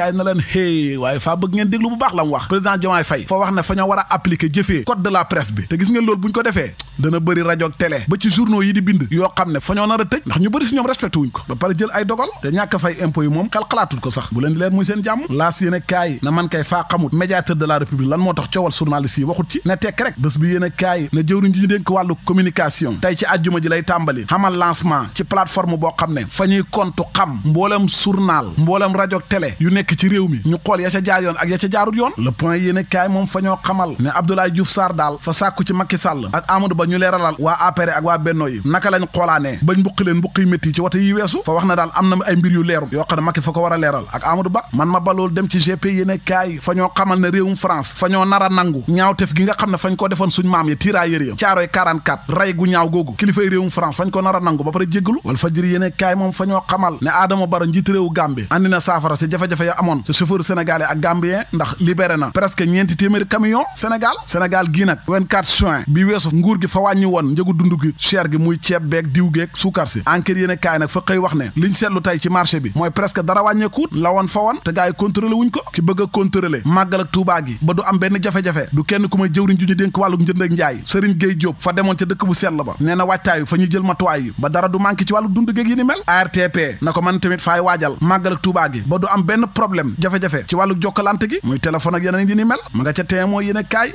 kaay na leen xéy waaye faa bëgg ngeen déglu bu baax la mu wax président Diomaye Faye fa wax ne fa ñoo war a appliquer de la presse bi te gis ngeen loolu buñ ko defee dana bëri rajo ak télé ba ci journaux yi di bind yoo xam ne fa ñoo nar a tëj ndax ñu bëri si ñoom respecté wuñ ko ba pare jël ay dogal te ñàkk fay impôt yi moom xalxalaatul ko sax bu leen di leer muy seen jàmm laas yéen na man kay faa xamut médiateur de la lan moo tax coowal journaliste yi waxut ci ne tekk rek bés bi yéen na jëwriñ ji ñu wàllu communication tey ci àjjuma ji lay tàmbali xamal lancement ci plateforme boo xam ne fa ñuy rajo ak yu nekk ci réew mi ñu xool ya ca jaar a kaay moom fa ñoo xamal ne Abdoulaye Diouf Sarr daal fa sàkku ci Macky Sall ak ñu leeralal waa APR ak waa Benno yi naka lañ xoolaanee bañ mbuqi leen mbuqi métti ci wote yi weesu fa wax na daal am na ay mbir yu yoo xam ne Macky fa ko war a leeral ak Amadou Ba man ma balool dem ci GP yéen kaay fa xamal ne réewum France fa ñoo nar a nangu ñaawtef gi nga xam ne fañ ko defoon suñ maam yi tirailleurs ya caaroy 44 ray gu ñaaw googu kilifay réewum France fañ ko nar a nangu ba pare jéggalu wala fa jëri yéen kaay moom fa ñoo xamal ne Adama Barrow njiitu réewu Gambie andi na saafara si jafe-jafe ya amoon ci chauffeur sénégalais ak gambien ndax dafa wàññi woon njëgu dund gi cher gi muy ceeb beeg diw geeg suukar si enquête yéen kaay nag fa xëy wax liñ seetlu tey ci marché bi mooy presque dara wàññeekuut la woon fa woon te gars wuñ ko ki bëgg a contrôlé màggal ak Tuubaa gi ba du am benn jafe-jafe du kenn ku may jëwriñ ju ñu dénk wàllu njënd ak njaay Serigne Gueye Diop fa demoon ca dëkk bu sell ba nee na waajtaay fa ñu jël matuwaay yi ba du gi ba du am benn problème jafe-jafe ci wàllu jokkalante gi muy téléphone ak yeneen yi ni mel ma nga ca témoin yéen kaay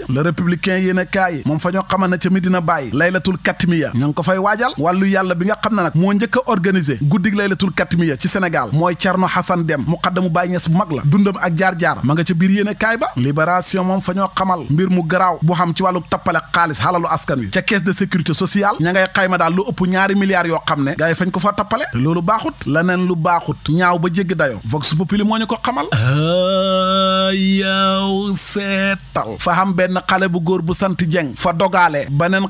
bàyyi laylatul katmiya ña ngi ko fay waajal wàllu yàlla bi nga xam ne nag moo njëkk a organiser guddig laylatul katmiya ci Sénégal mooy Cerno Xasan Dem muqaddamu Baay Ñas bu mag la dundam ak jaar-jaar ma nga ca biir yéene kaay ba libération moom fa ñoo xamal mbir mu garaaw bu xam ci wàllu tappale xaalis xalalu askan wi ca caisse de sécurité sociale ña ngay xayma daal lu ëpp ñaari milliards yoo xam ne gars yi fañ ko fa tappale te loolu baaxut lu baaxut ñaaw ba jégg dayo vox populi moo ñu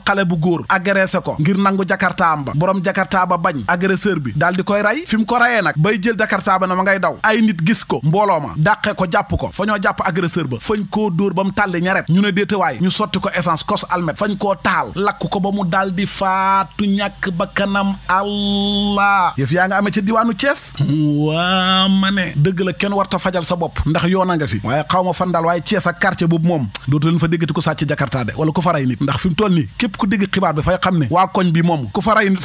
xale bu góor agressé ko ngir nangu jakartaam ba borom jakartaa ba bañ agresseur bi daal di koy rey fi mu ko reyee nag bay jël jakartaa ba ne ma ngay daw ay nit gis ko mbooloo ma dàqe ko jàpp ko fa ñoo jàpp agresseur ba fañ ko dóor ba mu tàlli ñaret ñu ne déete waaye ñu sotti ko essence kos almet fañ koo taal lakk ko ba mu daal di faatu ñàkk ba kanam allah yëf yaa nga amee ca diwaanu Thiès waa ma ne dëgg la kenn warta fajal sa bopp ndax yoon a nga fi waaye xaw ma fan daal waaye Thiès ak quartier moom dootu leen fa déggati ko sàcc ko faray nit ndax fi mu toll nii képp képp ku dégg xibaar bi fay xam ne waa koñ bi moom ku fa ray nit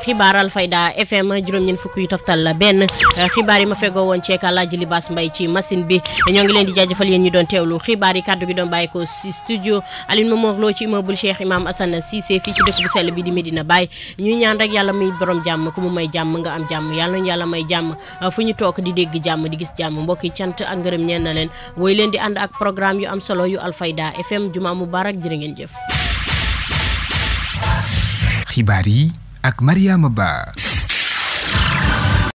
fañ a FM juróom-ñeent fukk yu toftal la benn xibaar yi ma fegoo woon ci Alaaji Libaas Mbay ci machine bi ñoo ngi leen di jaajëfal yéen ñu doon teewlu xibaar yi kàddu gi doon bàyyi ko si studio Alioune Momar Lo ci immeuble Cheikh Imam Assane Cissé fii ci dëkk bu sell bi di Medina Baye ñuy ñaan rek yàlla muy borom jàmm ku may jàmm nga am jàmm yàlla yàlla may jàmm fu ñu toog di solo yu Alfayda FM juma mubarak jërë ngeen jëf. xibaar yi ak Mariama Ba.